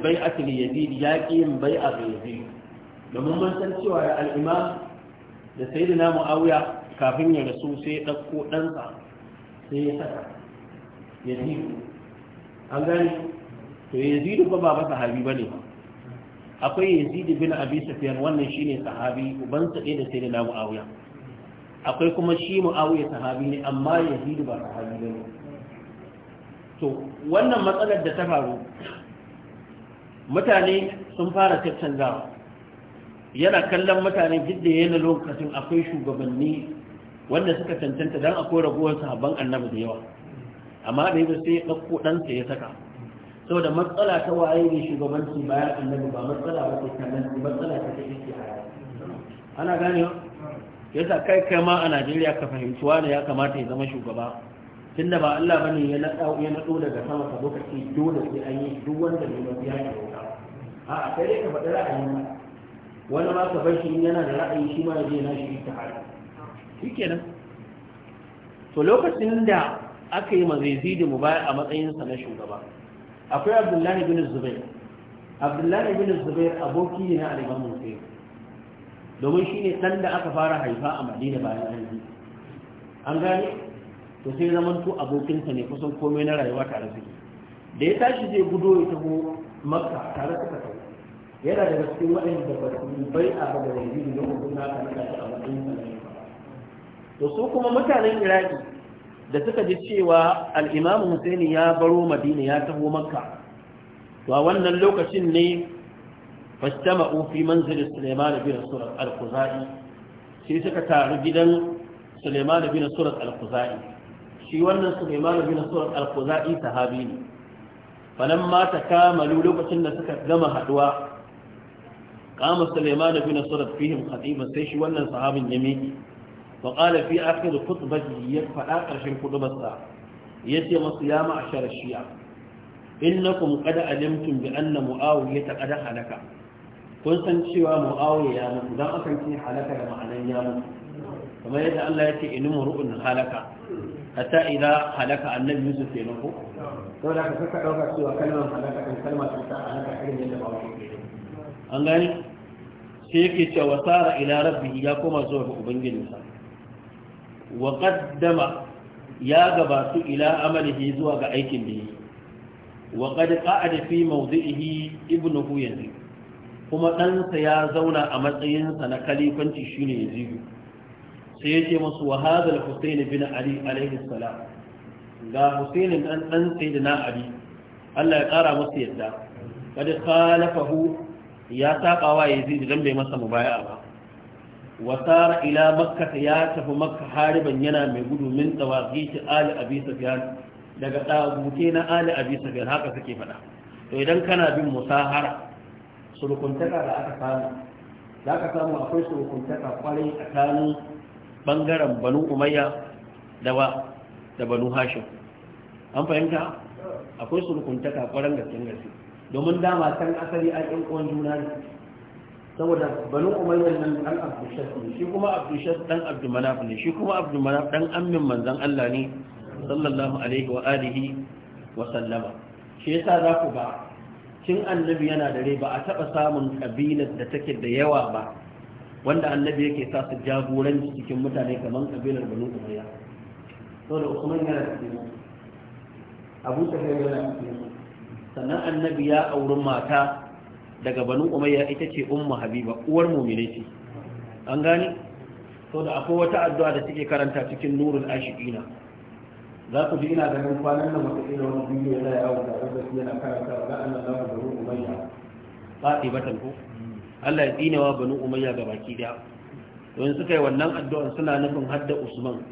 qiyin bai'a bi Yazid domin mun san cewa al da sayyidina Muawiya kafin ya rasu sai ya dauko ɗansa sai ya saka yazidu an gani to yazidu ba ba sahabi ba ne ba akwai yazidu bin abi wannan shine sahabi sa ɗaya da sayyidina muawiya akwai kuma shi muawiya sahabi ne amma yazidu ba sahabi ba ne to wannan matsalar da ta faru mutane sun fara tattanzawa yana kallon mutane duk da yana lokacin akwai shugabanni wanda suka cancanta don akwai raguwar sahabban annabi da yawa amma da yi sai ya ɗauko ɗansa ya saka Sau da matsala ta waye ne shugabanci bayan annabi ba matsala ba ta kanan matsala ta take ke ana ya sa kai kai ma a Najeriya ka fahimci wani ya kamata ya zama shugaba Tun da ba Allah bane ya nada ya naɗo daga sama ka lokaci dole sai an yi duk wanda ne mafi ya a a kai ka faɗi ra'ayi. wani ma ka bar shi yana da ra'ayi shi ma ya je na shi ta hali nan, to lokacin da aka yi mazaizidu da baya a matsayinsa na shugaba akwai abdullahi bin zubair abdullahi bin zubair aboki ne na alimamun sai domin shi ne da aka fara haifa a madina bayan an an gane to sai zaman abokinsa ne kusan komai na rayuwa tare suke da ya tashi zai gudo ya taho makka tare suka taho yana daga cikin waɗanda ba su bai a ba da yanzu da yau na kan kashi a matsayin to su kuma mutanen iraki da suka ji cewa Al'imamu husaini ya baro madina ya taho makka to a wannan lokacin ne fastama'u fi manzilin suleiman bin surat al-kuzai sai suka taru gidan suleiman bin surat al-kuzai shi wannan suleiman bin surat al-kuzai sahabi ne falan mata kamalu lokacin da suka gama haduwa kama suleiman bin surat fihim khatiban sai shi wannan sahabin ya miƙe wa qala fi akhir khutbati ya fada karshen khutbarsa yace masu ya ma'ashar na kuma qad alimtum bi anna muawiya qad halaka kun san cewa muawiya ya mutu dan akan ce halaka da ma'anan ya mutu kamar yadda Allah yake inmu ru'un halaka hatta idza halaka annabi yusuf ya mutu to da ka saka dauka cewa kalmar halaka kan kalma ta ta halaka irin yadda ba wani an gani sai yake cewa sara ila rabbihi ya koma zuwa ga ubangijinsa wa qaddama ya gabatu ila amalihi zuwa ga aikin da yi wa qad qa'ada fi mawdi'ihi ibnuhu yanzu. kuma ɗansa ya zauna a matsayinsa na kalifanci shine yazid sai yace musu wa hadha al-husayn bin ali alayhi salam ga husayn dan dan sayyidina ali Allah ya kara musu yadda kad khalafahu ya saba wa yazid dan bai masa mubaya'a ba wasara ila makka ya tafi makka hariban yana mai gudu min tsawaki shi ali abi sufyan daga tsaguke na ali abi sufyan haka suke faɗa to idan kana bin musahara surukuntaka da aka samu da aka samu akwai surukuntaka kwarai tsakanin bangaren banu umayya da wa da banu hashim an fahimta akwai surukuntaka kwaran gaske gaske domin dama can asali a ƴan uwan juna ne saboda banu umayyar nan dan abdushas ne shi kuma abdushas dan abdumanaf ne shi kuma abdumanaf dan ammin manzan Allah ne sallallahu alaihi wa alihi wa sallama shi yasa za ku ba kin annabi yana da rai ba a taba samun kabilar da take da yawa ba wanda annabi yake sa su jagoranci cikin mutane kamar kabilar banu umayya saboda usman yana cikin abu sufyan yana cikin sannan annabi ya auri mata daga banu umayya ita ce ummu habiba uwar mu'mine ce an gane to da akwai wata addu'a da take karanta cikin nurul ashiqina za ku ji ina ganin kwanan nan wata irin wani bidiyo yana yawo tare da shi yana karanta ga Allah da ku banu umayya fadi batan ko Allah ya tsinewa banu umayya ga baki daya don suka yi wannan addu'an suna nufin hadda usman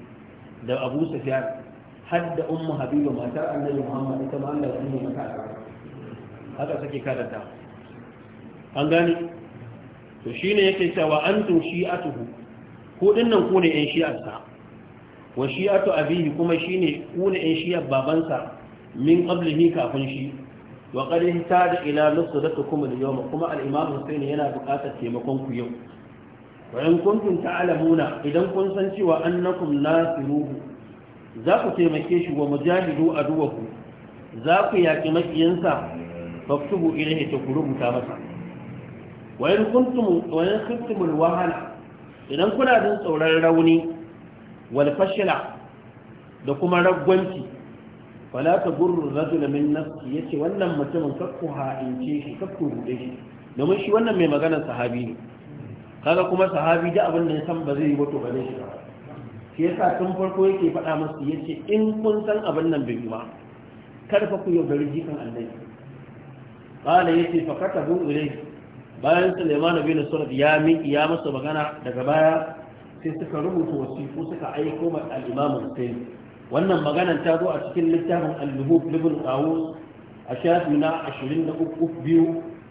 da abu sufyan hadda ummu habiba matar annabi muhammad ita ma Allah ya tsine mata haka suke karanta an gane to shi ne yake cewa antum shi'atuhu ko dinnan ku ne yan shi'arsa wa shi'atu abihi kuma shi ku ne yan shi'ar babansa min qablihi kafin shi wa qad da ila kuma da yawm kuma al-imam Hussein yana buƙatar taimakon ku yau wa in kuntum ta'lamuna idan kun san cewa annakum nasiruhu za ku taimake shi wa mujahidu aduwaku za ku yaƙi maƙiyansa faktubu ilaihi ta ku rubuta masa wayan kuntum wayan kuntum wahala idan kuna jin tsoron rauni wal fashila da kuma ragwanci fala ta gurru rajula min nafsi yace wannan mutumin kakku ha'ince shi kakku rude shi domin shi wannan mai maganar sahabi ne kaga kuma sahabi da abin da ya san ba zai yi wato ba zai shi ba shi yasa tun farko yake faɗa musu yace in kun san abin nan bai ba kar fa ku yaudari jikan annabi qala yace fa katabu ilayhi bayan Suleiman bin Surat ya miki ya masa magana daga baya sai suka rubuta wasifu suka aiko ma al-Imam Hussein wannan magana ta zo a cikin littafin al-Luhub ibn Qawus a shafi na 23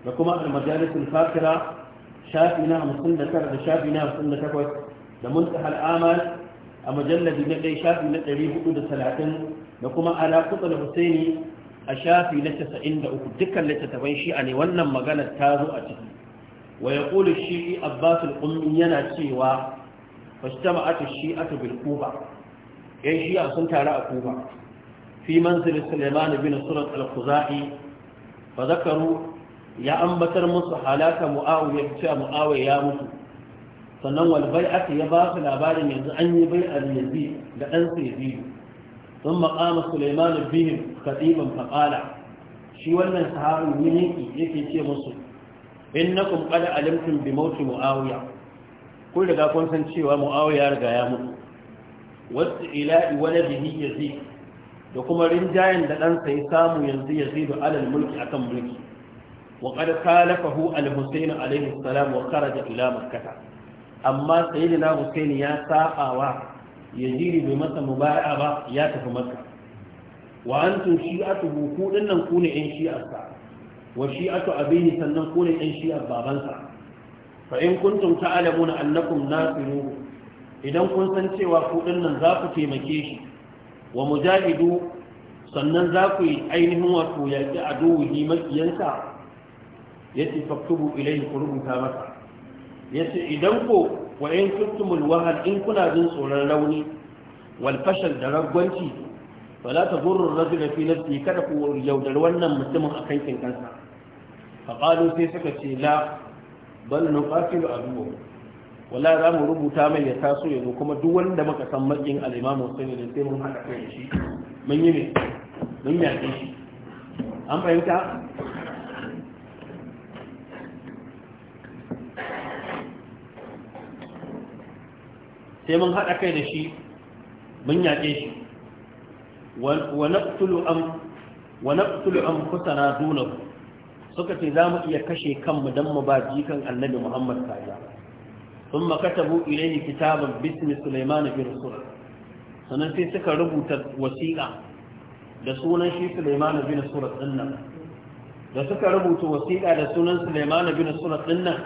da kuma al-Majalis fakira shafi na 59 da shafi na 58 da Muntaha al-Amal a mujalladi na ɗaya shafi na 430 da kuma ala kutsal Husaini a shafi na 93 dukkan littattafan shi'a ne wannan maganar ta zo a ciki wa ya ƙoli shi abbas al'ummi yana cewa fastama'atu shi'atu bil kuba yan shi'a sun taru a kuba fi manzil suleiman bin surat al-khuzai fa ya ambatar musu halaka muawiya ce muawiya mutu sannan wal bai'ati ya ba su labarin yanzu an yi bai'ar yazid da dan Sun makama قام سليمان بهم خطيبا فقال شي wannan sahabin yake yake ce musu In na alimtum bi mawt muawiya kun riga kun san cewa muawiya riga ya mutu wasu ila'i waladihi yazid da kuma rinjayen da ɗansa ya samu yanzu yazid alal mulki akan mulki wa qad khalafahu al-husayn alayhi salam wa da ila makkah amma sayyidina husayn ya sa'awa yazid bai masa mubaya'a ba ya tafi makka wa antum shi'atuhu ku nan ku ne in shi'arsa wa shi'atu abihi sannan ku ne ɗan babansa fa in kuntum ta'lamuna annakum nasiru idan kun san cewa ku nan za ku taimake shi wa mujahidu sannan za ku yi ainihin wato yaƙi a duwuhi makiyansa ya ce faktubu ilai ku rubuta masa ya ce idan ko wa in kuntumul wahal in kuna jin tsoron rauni wal fashal da ragwanci fala ta gurrun rajula fi nafsi kada ku yaudar wannan mutumin akan kin kansa faƙalu sai suka ce la bal nuqatilu aduwwa wala za mu rubuta mai ya taso ya zo kuma duk wanda muka san makin al sani Hussein da sai mun haɗa kai da shi mun yi ne mun yaƙe shi an fahimta sai mun haɗa kai da shi mun yaƙe shi wa naqtulu am wa naqtulu am kusana dunahu suka ce za mu iya kashe kanmu don mu ba jikan annabi muhammad kaza sun makatabu ilaihi kitaban bismi Suleiman bin rasul sannan sai suka rubuta wasiƙa da sunan shi sulaiman bin rasul din nan da suka rubuta wasiƙa da sunan Suleiman bin rasul din nan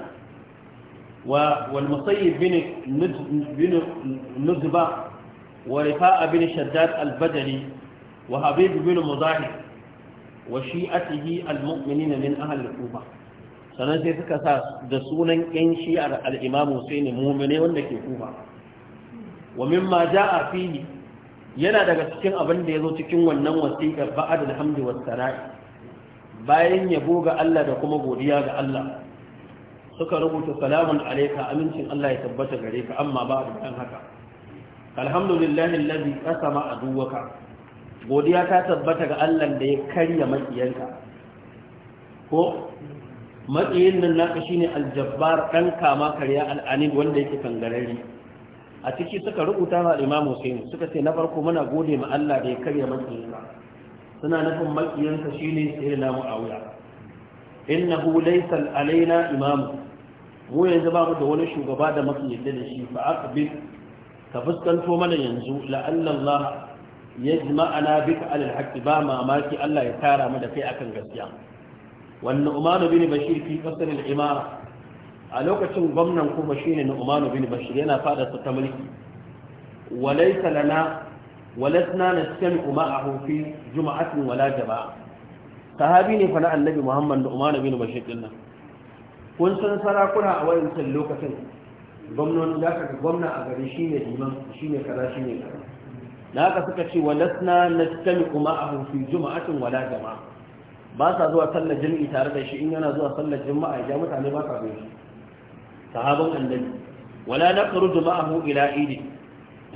wa wal musayyib bin bin nuzba wa rifa'a bin shaddad al-badri wa habib bin muzahir wa shi'atihi al-mu'minina min ahli al-kufa sannan sai suka sa da sunan yan shi'ar al-imam Husaini mu'mine wanda ke kufa wa mimma ja'a fihi yana daga cikin abin da yazo cikin wannan wasiƙar ba'ad al-hamdi was sara'i bayan yabo ga Allah da kuma godiya ga Allah suka rubuta salamun alayka amincin Allah ya tabbata gare ka amma ba da haka alhamdulillahi allazi qasama aduwaka godiya ta tabbata ga Allah da ya karya makiyanka ko matsayin nan naka shine aljabbar dan kama karya al'anin wanda yake kangarari a ciki suka rubuta wa Imam Hussein suka ce na farko muna gode ma Allah da ya karya makiyanka suna nufin makiyanka shine sayyidina Muawiya innahu laysa alaina imam mu yanzu ba mu da wani shugaba da mafi yadda da shi fa aqbil ka fuskanto mana yanzu la'alla Allah yajma'ana bika alal haƙƙi, ba mamaki Allah ya tara mu da kai akan gaskiya wannan Umar bin Bashir fi qasr al imara a lokacin gwamnan kuma shine na Umar bin Bashir yana fada ta mulki walaysa lana walasna nastami'u ma'ahu fi juma'atin wala jama'a sahabi ne fa na annabi Muhammad da Umar bin Bashir din nan kun san sarakuna a wayancan lokacin Gwamnan da ka gwamna a gari shine liman shine kaza shine kaza da haka suka ce walasna nastami kuma a hufi juma'atin wala jama'a ba sa zuwa sallar jami'i tare da shi in yana zuwa sallar jama'a ya mutane ba sa shi sahabban annabi wala na naqrudu ma'ahu ila idi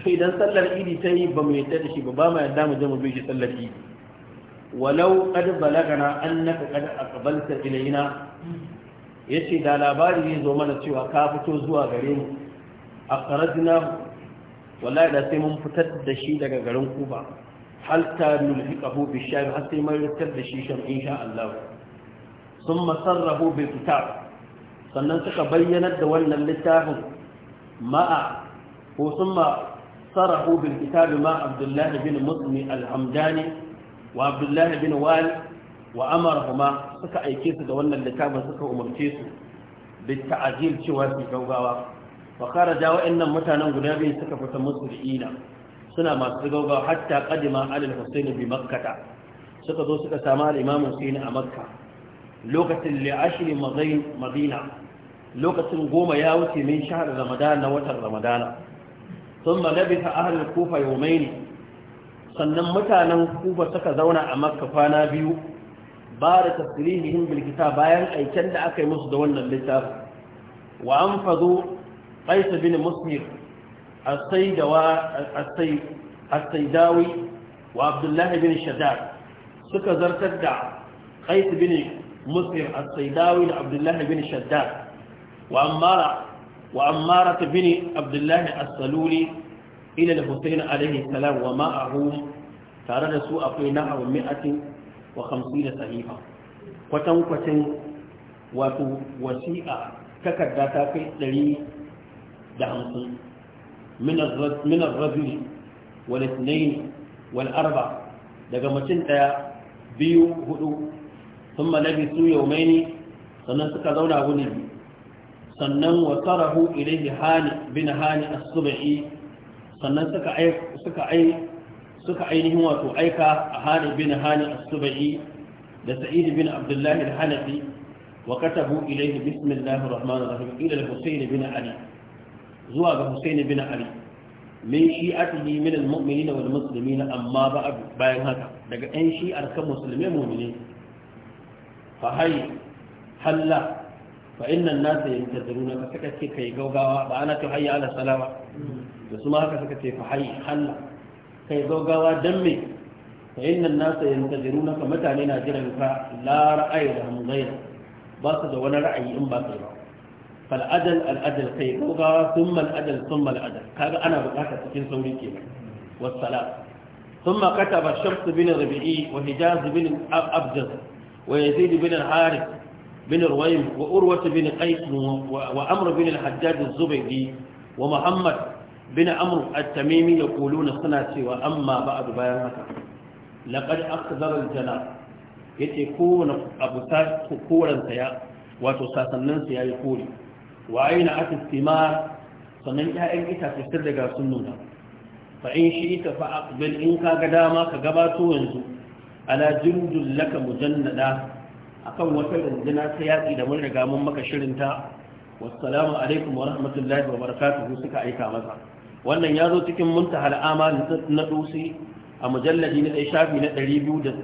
idan sallar idi ta yi ba mu yadda da shi ba ba mu yadda mu je mu bi shi sallar idi walau qad balagana annaka qad aqbalta ilayna yace da labari ne zo mana cewa ka fito zuwa gare mu akhrajna wallahi da sai mun fitar da shi daga garin kuba hatta nulhiqahu bi sham har sai mun fitar da shi shan insha Allah thumma sarrahu bi kitab sannan suka bayyana da wannan littafin ma'a ko thumma sarrahu bil kitab ma Abdullah bin Muslim al-Hamdani wa Abdullah bin Wal wa amarhuma suka aike su da wannan littafin suka umarce su bi ta'jil cewa su gaugawa fakara ja wa'annan mutanen guda biyu suka fita musulina suna masu gauga hatta kadima alil husaini bi makkata suka zo suka sama al-imam husaini a makka lokacin li'ashri madina lokacin goma ya wuce min shahar na watan ramadana sun malabisa ahalar kufa yomaini sannan mutanen kufa suka zauna a makka kwana biyu ba da tasirihin bilkita bayan aiken da aka yi musu da wannan littafi. wa an Ƙaisa bin muslim as-saydawa wa Abdullahi bin shaddad suka zartar da Ƙaisa bin muslim as-saydawi da Abdullahi bin shaddad wa ammara wa ammara bin Abdullahi as-saluli ila al-husayn alayhi salam wa ma'ahum tare da su akwai na'aw mi'atin wa 50 sahifa kwatankwacin wato wasi'a takarda ta kai ɗari da hamsin min ar-rajuli wal arba daga mutum daya biyu hudu thumma labisu yawmaini sannan suka zauna wuni sannan wasarahu ilayhi hani bin hani as sannan suka ai suka ai suka ainihin wato aika a hali bin hali as-sub'i da sa'id bin abdullahi al-hanafi وكتبوا إليه بسم الله الرحمن الرحيم إلى الحسين bin علي zuwa ga Husaini bin Ali min shi'atihi min al-mu'minina wal muslimina amma ba'd bayan haka daga ɗan shi'ar kan musulmai mu'mini fa hay halla fa inna an-nas yantaziruna ka saka ce kai gaugawa ba ana ta hayya ala salama da su ma haka saka ce fa hay halla kai gaugawa dan me fa inna an-nas yantaziruna ka mutane na jiran ka la ra'ayi da hum ba su da wani ra'ayi in ba kai ba فالعدل العدل خير وغا ثم العدل ثم العدل هذا أنا بقاك تكين سوري كيما والسلام ثم كتب الشمس بن ربيعي وحجاز بن أبجز ويزيد بن الحارث بن رويم وأروة بن قيس وأمر بن الحجاج الزبيدي ومحمد بن أمر التميمي يقولون صناتي وأما بعد بيانك لقد أخذر الجناب يتكون أبو ساس كورا سياء وتساسنن سياء يقولي waye na atis timar sannan ƴaƴan itace sun daga sun nuna fa in shi ta fa aqbil in ka ga dama ka gabato yanzu ala jundul laka mujannada akan wata rundunar ta yaƙi da mun riga mun maka ta wassalamu alaikum wa rahmatullahi wa barakatuhu suka aika masa wannan ya zo cikin muntahal amal na dusi a mujalladi na shafi na 230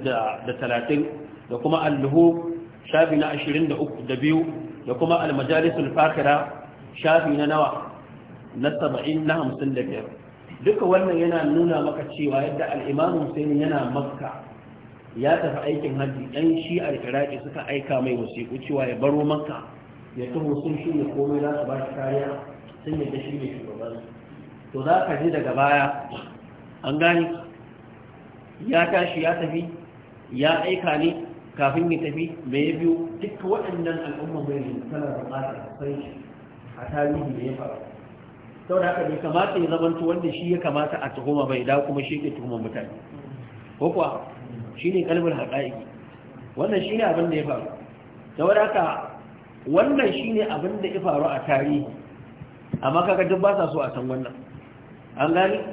da kuma alluhu shafi na 23 da biyu da kuma almajalisul fakira shafi na nawa na saba'in na hamsin da biyar duka wannan yana nuna maka cewa yadda al'imamu sai yana makka ya tafi aikin hajji ɗan shi a iraki suka aika mai wasiƙu cewa ya baro makka ya taho sun shi ne komai za su ba shi kariya sun da shi ne shugaban to za ka ji daga baya an gani ya tashi ya tafi ya aika ne kafin ya tafi me ya biyo duk waɗannan al'umma mai ne tana a san shi a tarihi da ya faru sau da haka bai kamata ya zamanto wanda shi ya kamata a tuhuma bai da kuma shi ke tuhuma mutane ko kuwa shi ne kalmar haƙa'iƙi wannan shi ne abin da ya faru sau da haka wannan shi ne abin da ya faru a tarihi amma kaga duk ba sa so a san wannan an gani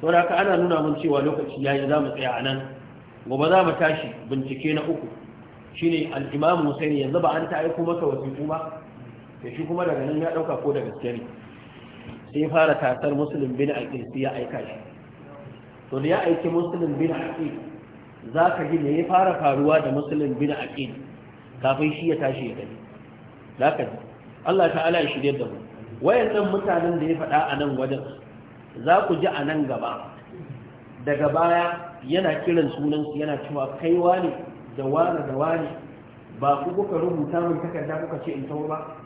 sau da haka ana nuna mun cewa lokaci ya yi za mu tsaya a nan gobe za mu tashi bincike na uku shine al-imam Husaini yanzu ba an ta aiko maka wasiƙu ba sai shi kuma daga nan ya ɗauka ko da gaske ne sai fara tasar muslim bin aqil sai ya aika shi to da ya aiki muslim bin za ka ji me ya fara faruwa da muslim bin aqil kafin shi ya tashi ya gani Za ka ji Allah ta'ala ya shirye da mu wayannan mutanen da ya faɗa a nan wajen za ku ji a nan gaba daga baya yana kiran sunansu yana cewa kaiwa ne da wane da wane ba ku kuka rubuta min takarda kuka ce in tawo ba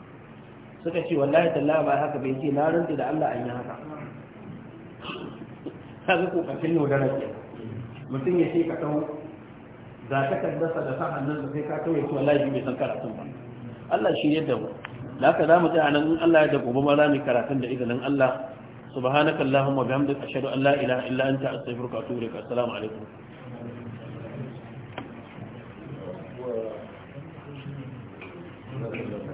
suka ce wallahi tallahi ba haka bai ce na rantsi da Allah an yi haka kaga ko kafin nodara ke mutum ya ce ka tawo za ta kaddasa da sa'an nan da sai ka tawo ya ce wallahi bai san karatun ba Allah shi yadda mu da haka za mu ji anan in Allah ya da gobe ma za mu karatun da izinin Allah subhanakallahumma bihamdika ashhadu an la ilaha illa anta astaghfiruka wa atubu ilaik assalamu alaikum Obrigado.